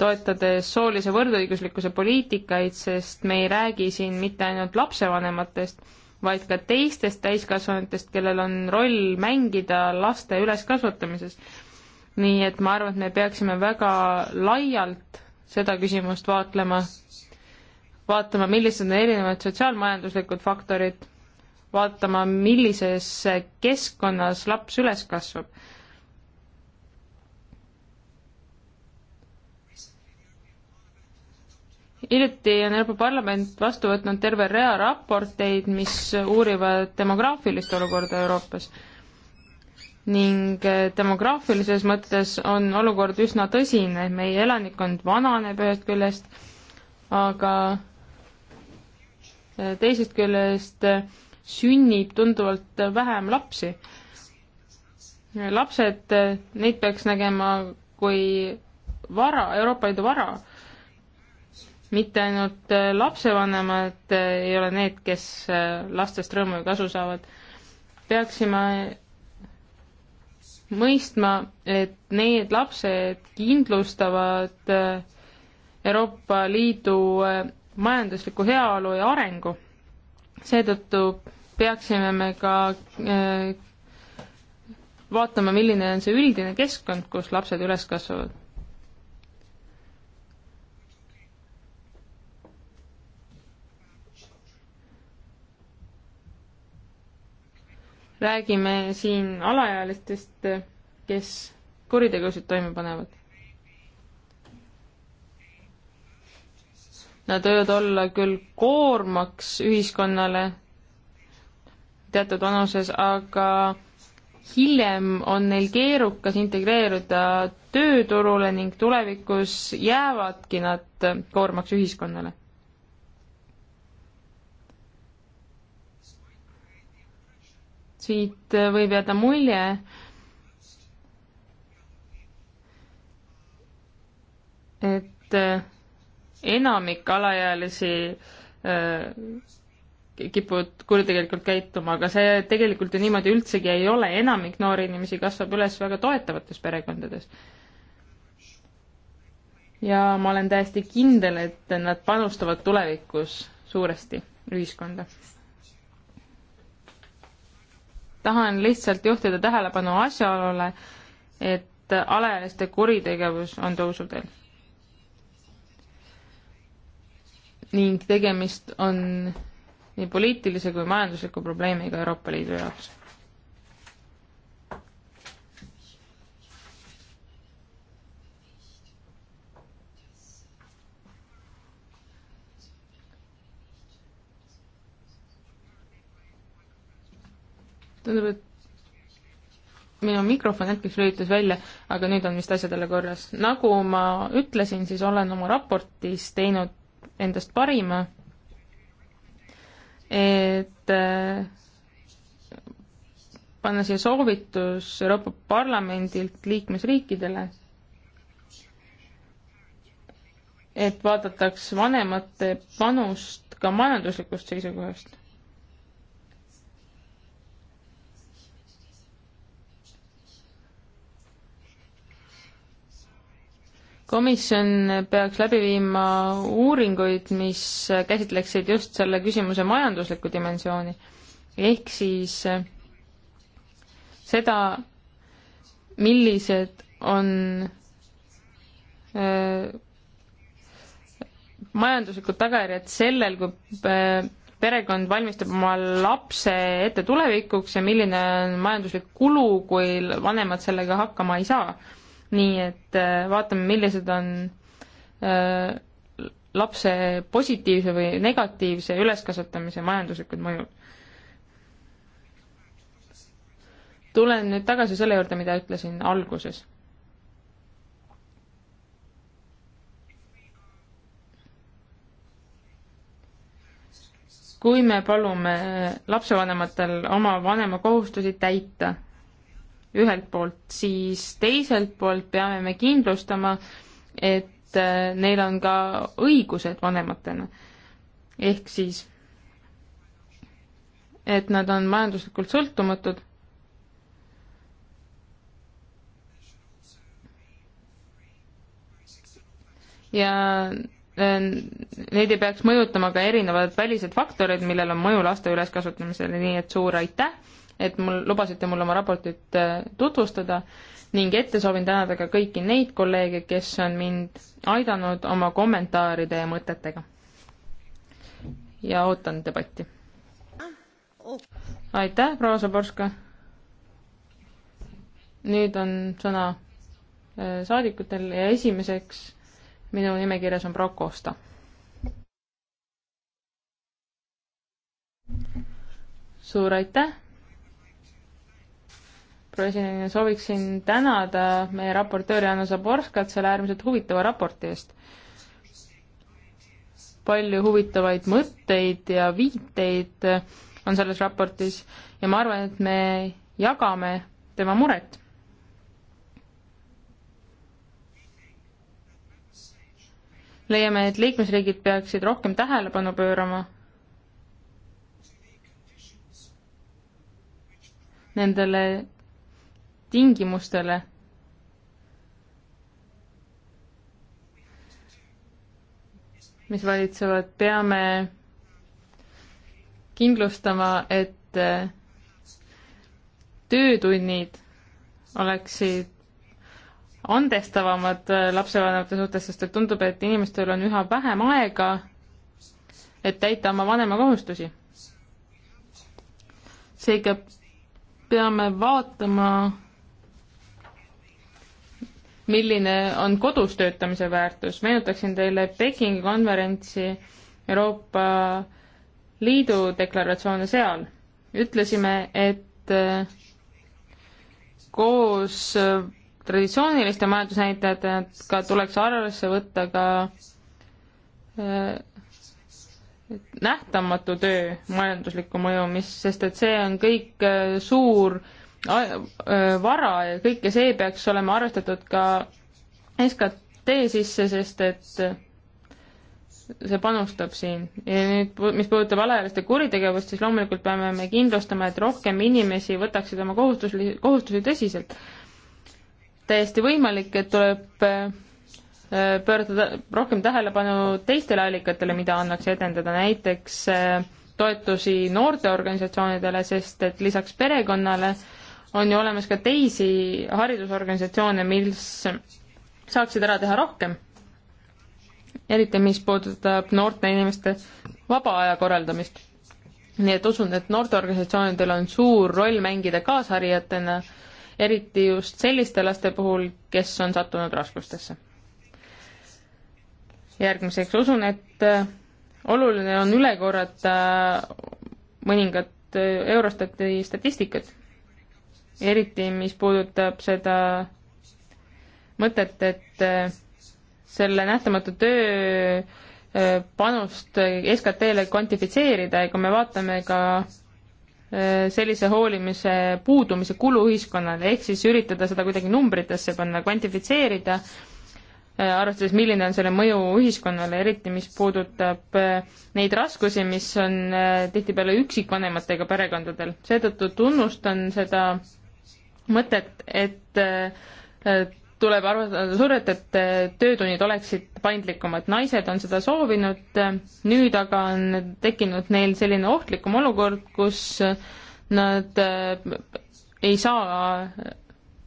toetades soolise võrdõiguslikkuse poliitikaid, sest me ei räägi siin mitte ainult lapsevanematest vaid ka teistest täiskasvanutest, kellel on roll mängida laste üleskasvatamises. nii et ma arvan, et me peaksime väga laialt seda küsimust vaatlema, vaatama, millised on erinevad sotsiaalmajanduslikud faktorid, vaatama, millises keskkonnas laps üles kasvab hiljuti on Euroopa Parlament vastu võtnud terve rea raporteid, mis uurivad demograafilist olukorda Euroopas. ning eh, demograafilises mõttes on olukord üsna tõsine, meie elanikkond vananeb ühest küljest, aga eh, teisest küljest eh, sünnib tunduvalt vähem lapsi. lapsed, neid peaks nägema kui vara, Euroopa Liidu vara mitte ainult äh, lapsevanemad äh, ei ole need, kes äh, lastest rõõmu ja kasu saavad, peaksime mõistma, et need lapsed kindlustavad Euroopa Liidu majandusliku heaolu ja arengu. seetõttu peaksime me ka vaatama, milline on see üldine keskkond, kus lapsed üles kasvavad räägime siin alaealistest, kes kuritegusid toime panevad. Nad võivad olla küll koormaks ühiskonnale teatud vanuses, aga hiljem on neil keerukas integreeruda tööturule ning tulevikus jäävadki nad koormaks ühiskonnale siit võib jääda mulje, et enamik alaealisi äh, kipuvad kuritegelikult käituma, aga see tegelikult ju niimoodi üldsegi ei ole, enamik noori inimesi kasvab üles väga toetavates perekondades. ja ma olen täiesti kindel, et nad panustavad tulevikus suuresti ühiskonda tahan lihtsalt juhtida tähelepanu asjaolule, et alaealiste kuritegevus on tõusuteel. ning tegemist on nii poliitilise kui majandusliku probleemiga Euroopa Liidu jaoks tundub, et minu mikrofon hetkeks lülitus välja, aga nüüd on vist asjad jälle korras. nagu ma ütlesin, siis olen oma raportis teinud endast parima, et äh, panna siia soovitus Euroopa Parlamendilt liikmesriikidele, et vaadataks vanemate panust ka majanduslikust seisukohast komisjon peaks läbi viima uuringuid, mis käsitleksid just selle küsimuse majanduslikku dimensiooni. ehk siis eh, seda, millised on öö, eh, majanduslikud tagajärjed sellel, kui eh, perekond valmistab oma lapse ette tulevikuks ja milline on majanduslik kulu, kui vanemad sellega hakkama ei saa nii et äh, vaatame, millised on äh, lapse positiivse või negatiivse üleskasvatamise majanduslikud mõjud. tulen nüüd tagasi selle juurde, mida ütlesin alguses. kui me palume lapsevanematel oma vanema kohustusi täita ühelt poolt, siis teiselt poolt peame me kindlustama, et äh, neil on ka õigused vanematena. ehk siis, et nad on majanduslikult sõltumatud ja äh, neid ei peaks mõjutama ka erinevad välised faktorid, millel on mõju laste üleskasvatamisele, nii et suur aitäh et mul, lubasite mul oma raportit äh, tutvustada ning ette soovin tänada ka kõiki neid kolleege, kes on mind aidanud oma kommentaaride ja mõtetega. ja ootan debatti. aitäh, proua Zaborska. nüüd on sõna äh, saadikutel ja esimeseks minu nimekirjas on proua Kosta. suur aitäh presidendina sooviksin tänada meie raportööri Anna Zaborskat selle äärmiselt huvitava raporti eest. palju huvitavaid mõtteid ja viiteid on selles raportis ja ma arvan, et me jagame tema muret. leiame, et liikmesriigid peaksid rohkem tähelepanu pöörama nendele tingimustele. mis valitsevad, peame kindlustama, et eh, töötunnid oleksid andestavamad eh, lapsevanemate suhtes, sest et tundub, et inimestel on üha vähem aega, et täita oma vanema kohustusi. seega peame vaatama milline on kodus töötamise väärtus. meenutaksin teile Pekingi konverentsi Euroopa Liidu deklaratsioone seal. ütlesime, et äh, koos äh, traditsiooniliste majandusnäitajatega tuleks arvesse võtta ka äh, nähtamatu töö majanduslikku mõju, mis, sest et see on kõik suur äh, vara ja kõike see peaks olema arvestatud ka SKT sisse, sest et see panustab siin. ja nüüd, mis puudutab alaealiste kuritegevust, siis loomulikult peame me kindlustama, et rohkem inimesi võtaksid oma kohustus, kohustusi tõsiselt. täiesti võimalik, et tuleb pöörduda rohkem tähelepanu teistele allikatele, mida annaks edendada, näiteks toetusi noorteorganisatsioonidele, sest et lisaks perekonnale äh, on ju olemas ka teisi haridusorganisatsioone, mis saaksid ära teha rohkem. eriti, mis puudutab noorte inimeste vaba aja korraldamist. nii et usun, et noorteorganisatsioonidel on suur roll mängida kaasharijatena, eriti just selliste laste puhul, kes on sattunud raskustesse. järgmiseks usun, et äh, oluline on üle korrata äh, mõningat äh, Eurostati statistikat eriti mis puudutab seda mõtet, et äh, selle nähtamatu töö äh, panust SKT-le kvantifitseerida ja kui me vaatame ka äh, sellise hoolimise puudumise kulu ühiskonnale, ehk siis üritada seda kuidagi numbritesse panna, kvantifitseerida, arvestades, milline on selle mõju ühiskonnale, eriti mis puudutab neid raskusi, mis on tihtipeale üksikvanematega perekondadel. seetõttu tunnustan seda mõtet, et äh, tuleb arvestada survet, et äh, töötunnid oleksid paindlikumad. naised on seda soovinud, äh, nüüd aga on tekkinud neil selline ohtlikum olukord, kus nad ei saa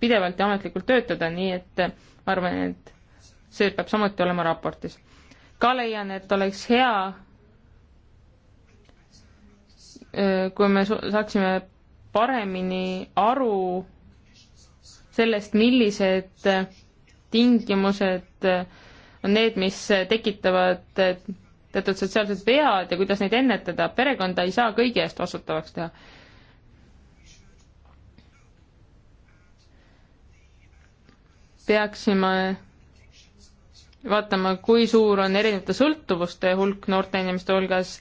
pidevalt ja ametlikult töötada, nii et ma arvan, et see peab samuti olema raportis. ka leian, et oleks hea, kui me saaksime paremini aru sellest, millised tingimused on need, mis tekitavad teatud sotsiaalsed vead ja kuidas neid ennetada. perekonda ei saa kõigi eest vastutavaks teha. peaksime vaatama, kui suur on erinevate sõltuvuste hulk noorte inimeste hulgas,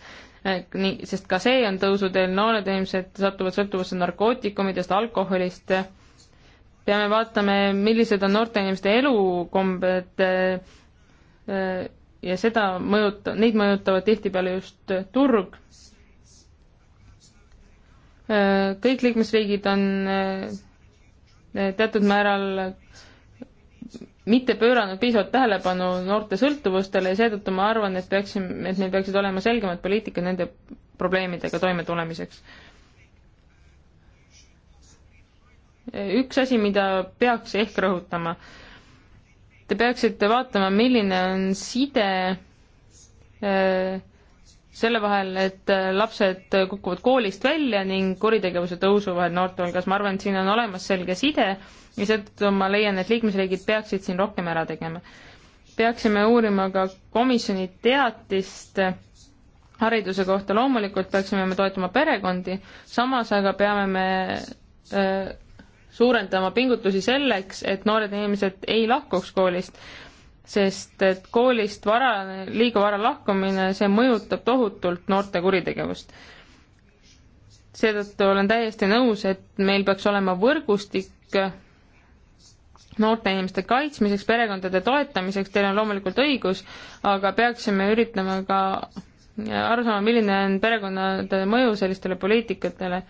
eh, nii, sest ka see on tõusuteel, noored inimesed satuvad sõltuvusse narkootikumidest, alkoholist peame vaatama, millised on noorte inimeste elukombed eh, ja seda mõjuta-, neid mõjutavad tihtipeale just turg. Eh, kõik liikmesriigid on eh, teatud määral mitte pööranud piisavalt tähelepanu noorte sõltuvustele ja seetõttu ma arvan, et peaksime, et meil peaksid olema selgemad poliitikad nende probleemidega toimetulemiseks. üks asi, mida peaks ehk rõhutama. Te peaksite vaatama, milline on side äh, selle vahel, et äh, lapsed kukuvad koolist välja ning kuritegevuse tõusu vahel noorte hulgas, ma arvan, et siin on olemas selge side ja seetõttu ma leian, et liikmesriigid peaksid siin rohkem ära tegema. peaksime uurima ka komisjoni teatist hariduse kohta, loomulikult peaksime me toetama perekondi, samas aga peame me öö, äh, suurendama pingutusi selleks, et noored inimesed ei lahkuks koolist, sest et koolist vara, liiga vara lahkumine, see mõjutab tohutult noorte kuritegevust. seetõttu olen täiesti nõus, et meil peaks olema võrgustik noorte inimeste kaitsmiseks, perekondade toetamiseks, teil on loomulikult õigus, aga peaksime üritama ka aru saama, milline on perekonnade mõju sellistele poliitikatele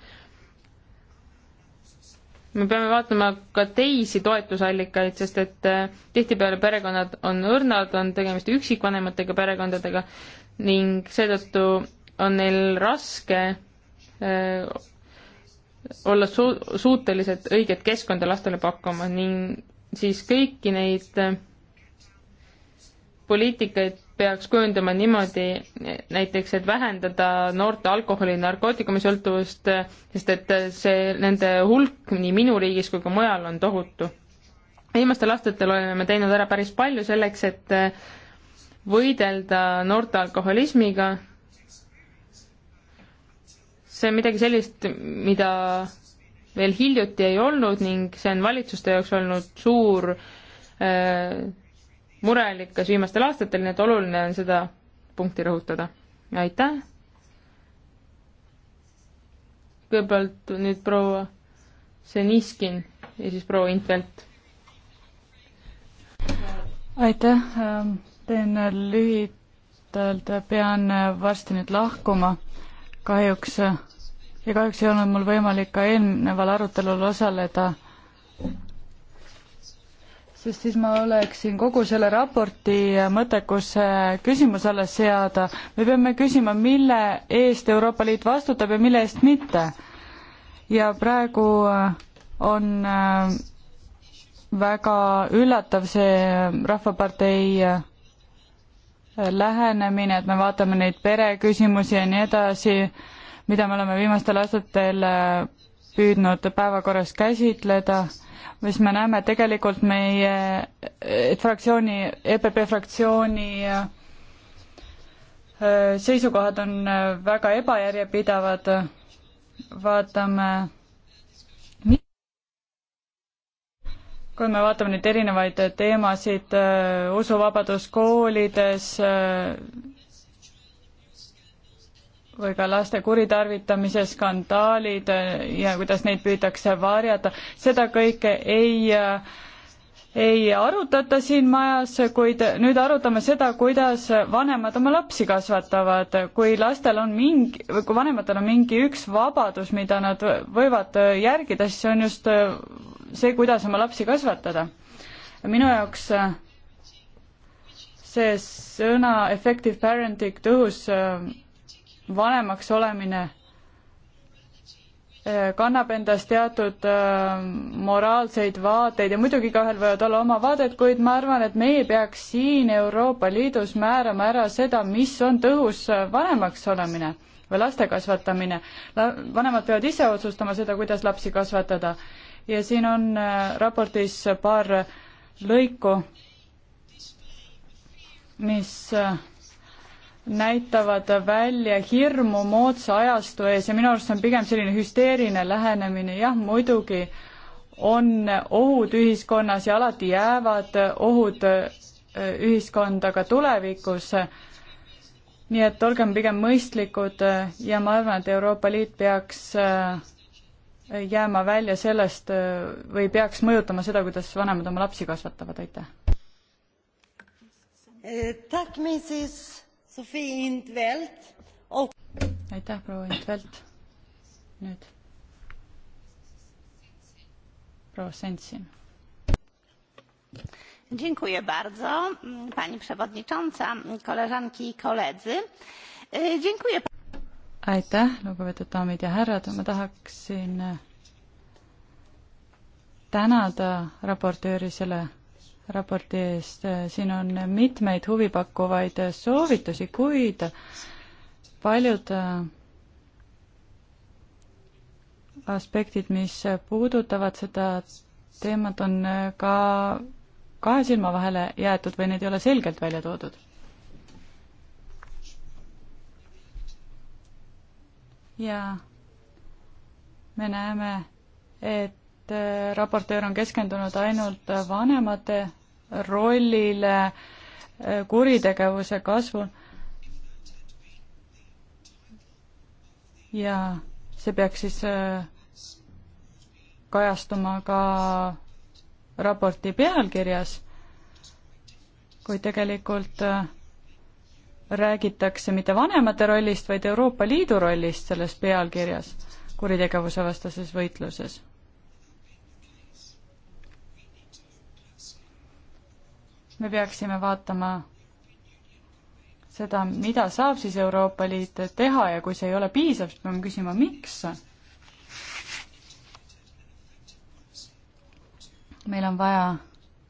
me peame vaatama ka teisi toetusallikaid, sest et äh, tihtipeale perekonnad on õrnad, on tegemist üksikvanematega perekondadega ning seetõttu on neil raske öö, äh, olla su-, suutelised õiget keskkonda lastele pakkuma ning siis kõiki neid äh, poliitikaid peaks kujundama niimoodi näiteks, et vähendada noorte alkoholi narkootikumisõltuvust, sest et see, nende hulk nii minu riigis kui ka mujal on tohutu. viimastel aastatel oleme me teinud ära päris palju selleks, et võidelda noorte alkoholismiga. see on midagi sellist, mida veel hiljuti ei olnud ning see on valitsuste jaoks olnud suur äh, murelikas viimastel aastatel, nii et oluline on seda punkti rõhutada. aitäh! kõigepealt nüüd proua Seniskin ja siis proua Intvelt. aitäh, ähm, teen lühidalt, pean varsti nüüd lahkuma kahjuks ja kahjuks ei olnud mul võimalik ka eelneval arutelul osaleda, sest siis ma oleksin kogu selle raporti mõttekuse küsimuse alla seada. me peame küsima, mille eest Euroopa Liit vastutab ja mille eest mitte. ja praegu on äh, väga üllatav see Rahvapartei äh, lähenemine, et me vaatame neid pereküsimusi ja nii edasi, mida me oleme viimastel aastatel äh, püüdnud päevakorras käsitleda mis me näeme tegelikult meie, et fraktsiooni, EPP fraktsiooni äh, seisukohad on äh, väga ebajärjepidavad, vaatame kui me vaatame nüüd erinevaid teemasid, äh, usuvabadus koolides, või ka laste kuritarvitamise skandaalid äh, ja kuidas neid püütakse varjata, seda kõike ei äh, ei arutata siin majas, kuid nüüd arutame seda, kuidas vanemad oma lapsi kasvatavad, kui lastel on mingi, kui vanematel on mingi üks vabadus, mida nad võivad äh, järgida, siis see on just see, kuidas oma lapsi kasvatada. minu jaoks see sõna effective parenting, tõhus vanemaks olemine eh, kannab endas teatud eh, moraalseid vaateid ja muidugi igaühel võivad olla oma vaaded, kuid ma arvan, et meie peaks siin Euroopa Liidus määrama ära seda, mis on tõhus eh, vanemaks olemine või laste kasvatamine. vanemad peavad ise otsustama seda, kuidas lapsi kasvatada. ja siin on raportis paar lõiku, mis näitavad välja hirmu moodsa ajastu ees ja minu arust see on pigem selline hüsteeriline lähenemine, jah, muidugi on ohud ühiskonnas ja alati jäävad ohud äh, ühiskonda ka tulevikus. nii et olgem pigem mõistlikud äh, ja ma arvan, et Euroopa Liit peaks äh, jääma välja sellest või peaks mõjutama seda, kuidas vanemad oma lapsi kasvatavad, aitäh. Eh, Tack Mrs Sofii Intvelt oh.. aitäh, proua Intvelt. nüüd. proua Sensin. Dziękuję bardzo, pani przewodnicząca, koleżanki i koledzy. Dziękuję. aitäh, lugupeetud daamid ja härrad, ma tahaksin tänada raportööri selle raporti eest, siin on mitmeid huvipakkuvaid soovitusi, kuid paljud äh, aspektid, mis puudutavad seda teemat, on äh, ka kahe silma vahele jäetud või need ei ole selgelt välja toodud. ja me näeme, et et äh, raportöör on keskendunud ainult vanemate rollile äh, kuritegevuse kasvul. ja see peaks siis äh, kajastuma ka raporti pealkirjas, kuid tegelikult räägitakse mitte vanemate rollist, vaid Euroopa Liidu rollist selles pealkirjas kuritegevuse vastases võitluses me peaksime vaatama seda, mida saab siis Euroopa Liit teha ja kui see ei ole piisav, siis peame küsima, miks. meil on vaja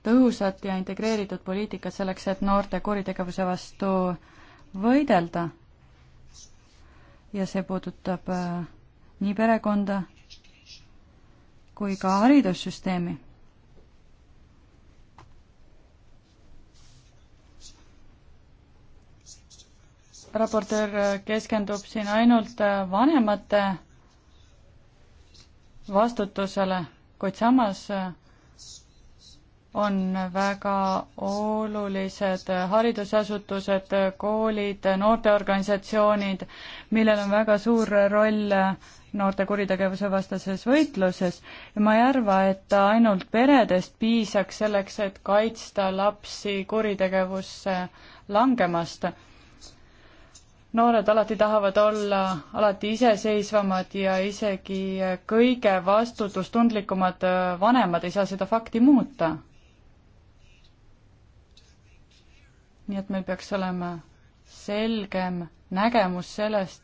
tõhusat ja integreeritud poliitikat selleks, et noorte kuritegevuse vastu võidelda. ja see puudutab äh, nii perekonda kui ka haridussüsteemi raportöör keskendub siin ainult äh, vanemate vastutusele, kuid samas äh, on väga olulised äh, haridusasutused, koolid, noorteorganisatsioonid, millel on väga suur roll noorte kuritegevuse vastases võitluses ja ma ei arva, et ainult peredest piisaks selleks, et kaitsta lapsi kuritegevusse langemast noored alati tahavad olla alati iseseisvamad ja isegi kõige vastutustundlikumad äh, vanemad ei saa seda fakti muuta. nii et meil peaks olema selgem nägemus sellest,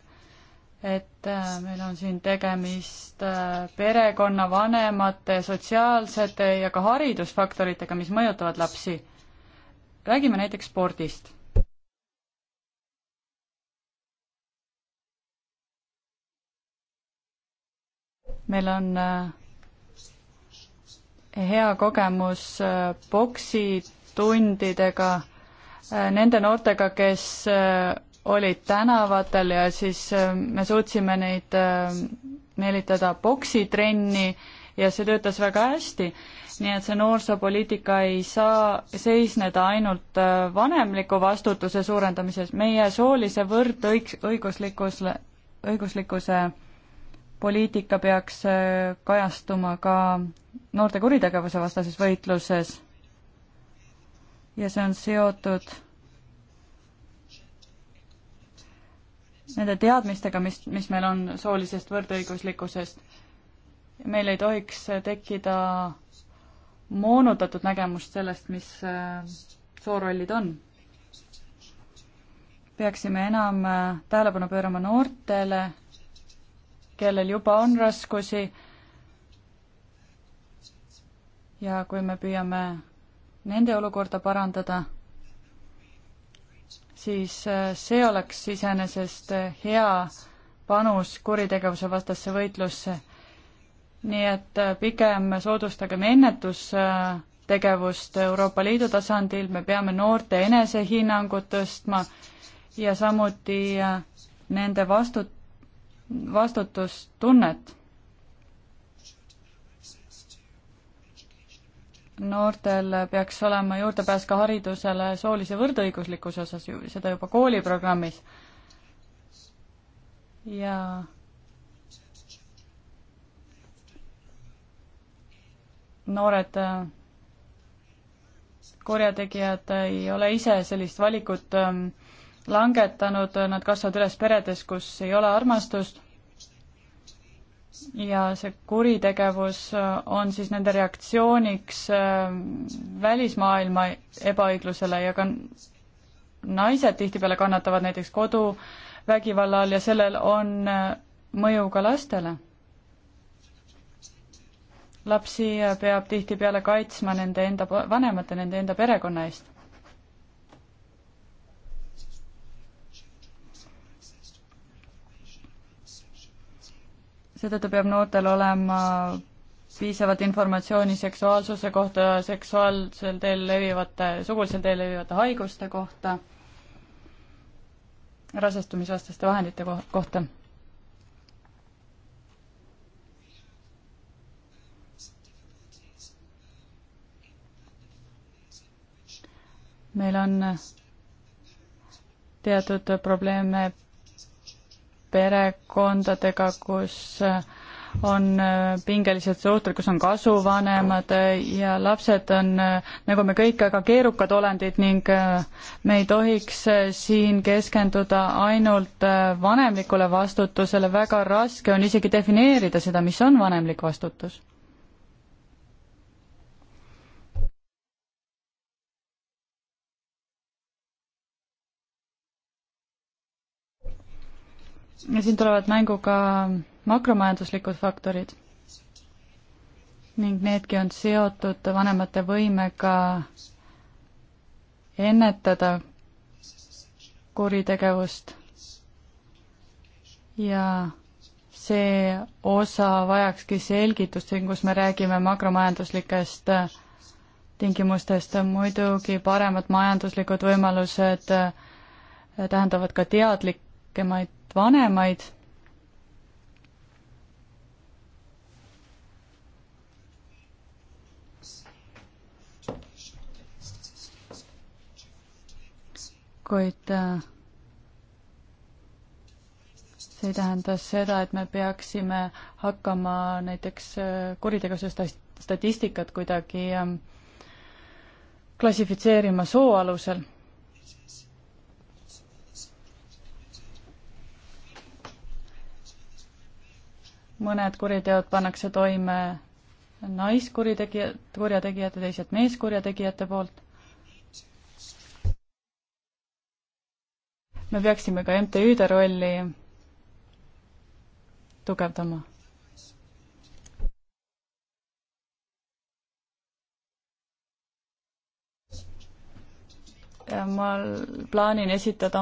et äh, meil on siin tegemist äh, perekonna, vanemate, sotsiaalsete ja ka haridusfaktoritega, mis mõjutavad lapsi. räägime näiteks spordist meil on äh, hea kogemus äh, boksitundidega äh, nende noortega, kes olid tänavatel ja siis me suutsime neid meelitada boksitrenni ja see töötas väga hästi. nii et see noorsoopoliitika ei saa seisneda ainult vanemliku vastutuse suurendamises, meie soolise võrdõig-, õiguslikus, õiguslikkuse poliitika peaks äh, kajastuma ka noorte kuritegevuse vastases võitluses ja see on seotud nende teadmistega, mis, mis meil on soolisest võrdõiguslikkusest. meil ei tohiks tekkida moonutatud nägemust sellest, mis äh, soorollid on. peaksime enam äh, tähelepanu pöörama noortele kellel juba on raskusi. ja kui me püüame nende olukorda parandada, siis äh, see oleks iseenesest äh, hea panus kuritegevuse vastasse võitlusse. nii et äh, pigem soodustagem ennetustegevust Euroopa Liidu tasandil, me peame noorte enesehinnangut tõstma ja samuti nende vastut-, vastutustunnet. noortel peaks olema juurdepääs ka haridusele soolise võrdõiguslikkuse osas, seda juba kooliprogrammis. ja noored äh, kurjategijad ei ole ise sellist valikut ähm, langetanud, nad kasvavad üles peredes, kus ei ole armastust ja see kuritegevus on siis nende reaktsiooniks äh, välismaailma ebaõiglusele ja ka naised tihtipeale kannatavad näiteks koduvägivalla all ja sellel on äh, mõju ka lastele. lapsi äh, peab tihtipeale kaitsma nende enda vanemate, nende enda perekonna eest seetõttu peab noortel olema piisavat informatsiooni seksuaalsuse kohta, seksuaalsel teel levivate, sugulisel teel levivate haiguste kohta, rasestumisvastaste vahendite kohta. meil on teatud probleeme perekondadega, kus on pingelised suhted, kus on kasuvanemad ja lapsed on, nagu me kõik, väga keerukad olendid ning me ei tohiks siin keskenduda ainult vanemlikule vastutusele, väga raske on isegi defineerida seda, mis on vanemlik vastutus siin tulevad mängu ka makromajanduslikud faktorid ning needki on seotud vanemate võimega ennetada kuritegevust ja see osa vajakski selgitust siin, kus me räägime makromajanduslikest tingimustest, muidugi paremad majanduslikud võimalused tähendavad ka teadlikemaid vanemaid kuid äh, see ei tähenda seda, et me peaksime hakkama näiteks äh, kuritegevuse statistikat kuidagi ähm, klassifitseerima soo alusel. mõned kuriteod pannakse toime naiskuritegijaid, kurjategijate, teised meeskurjategijate poolt. me peaksime ka MTÜ-de rolli tugevdama. ma plaanin esitada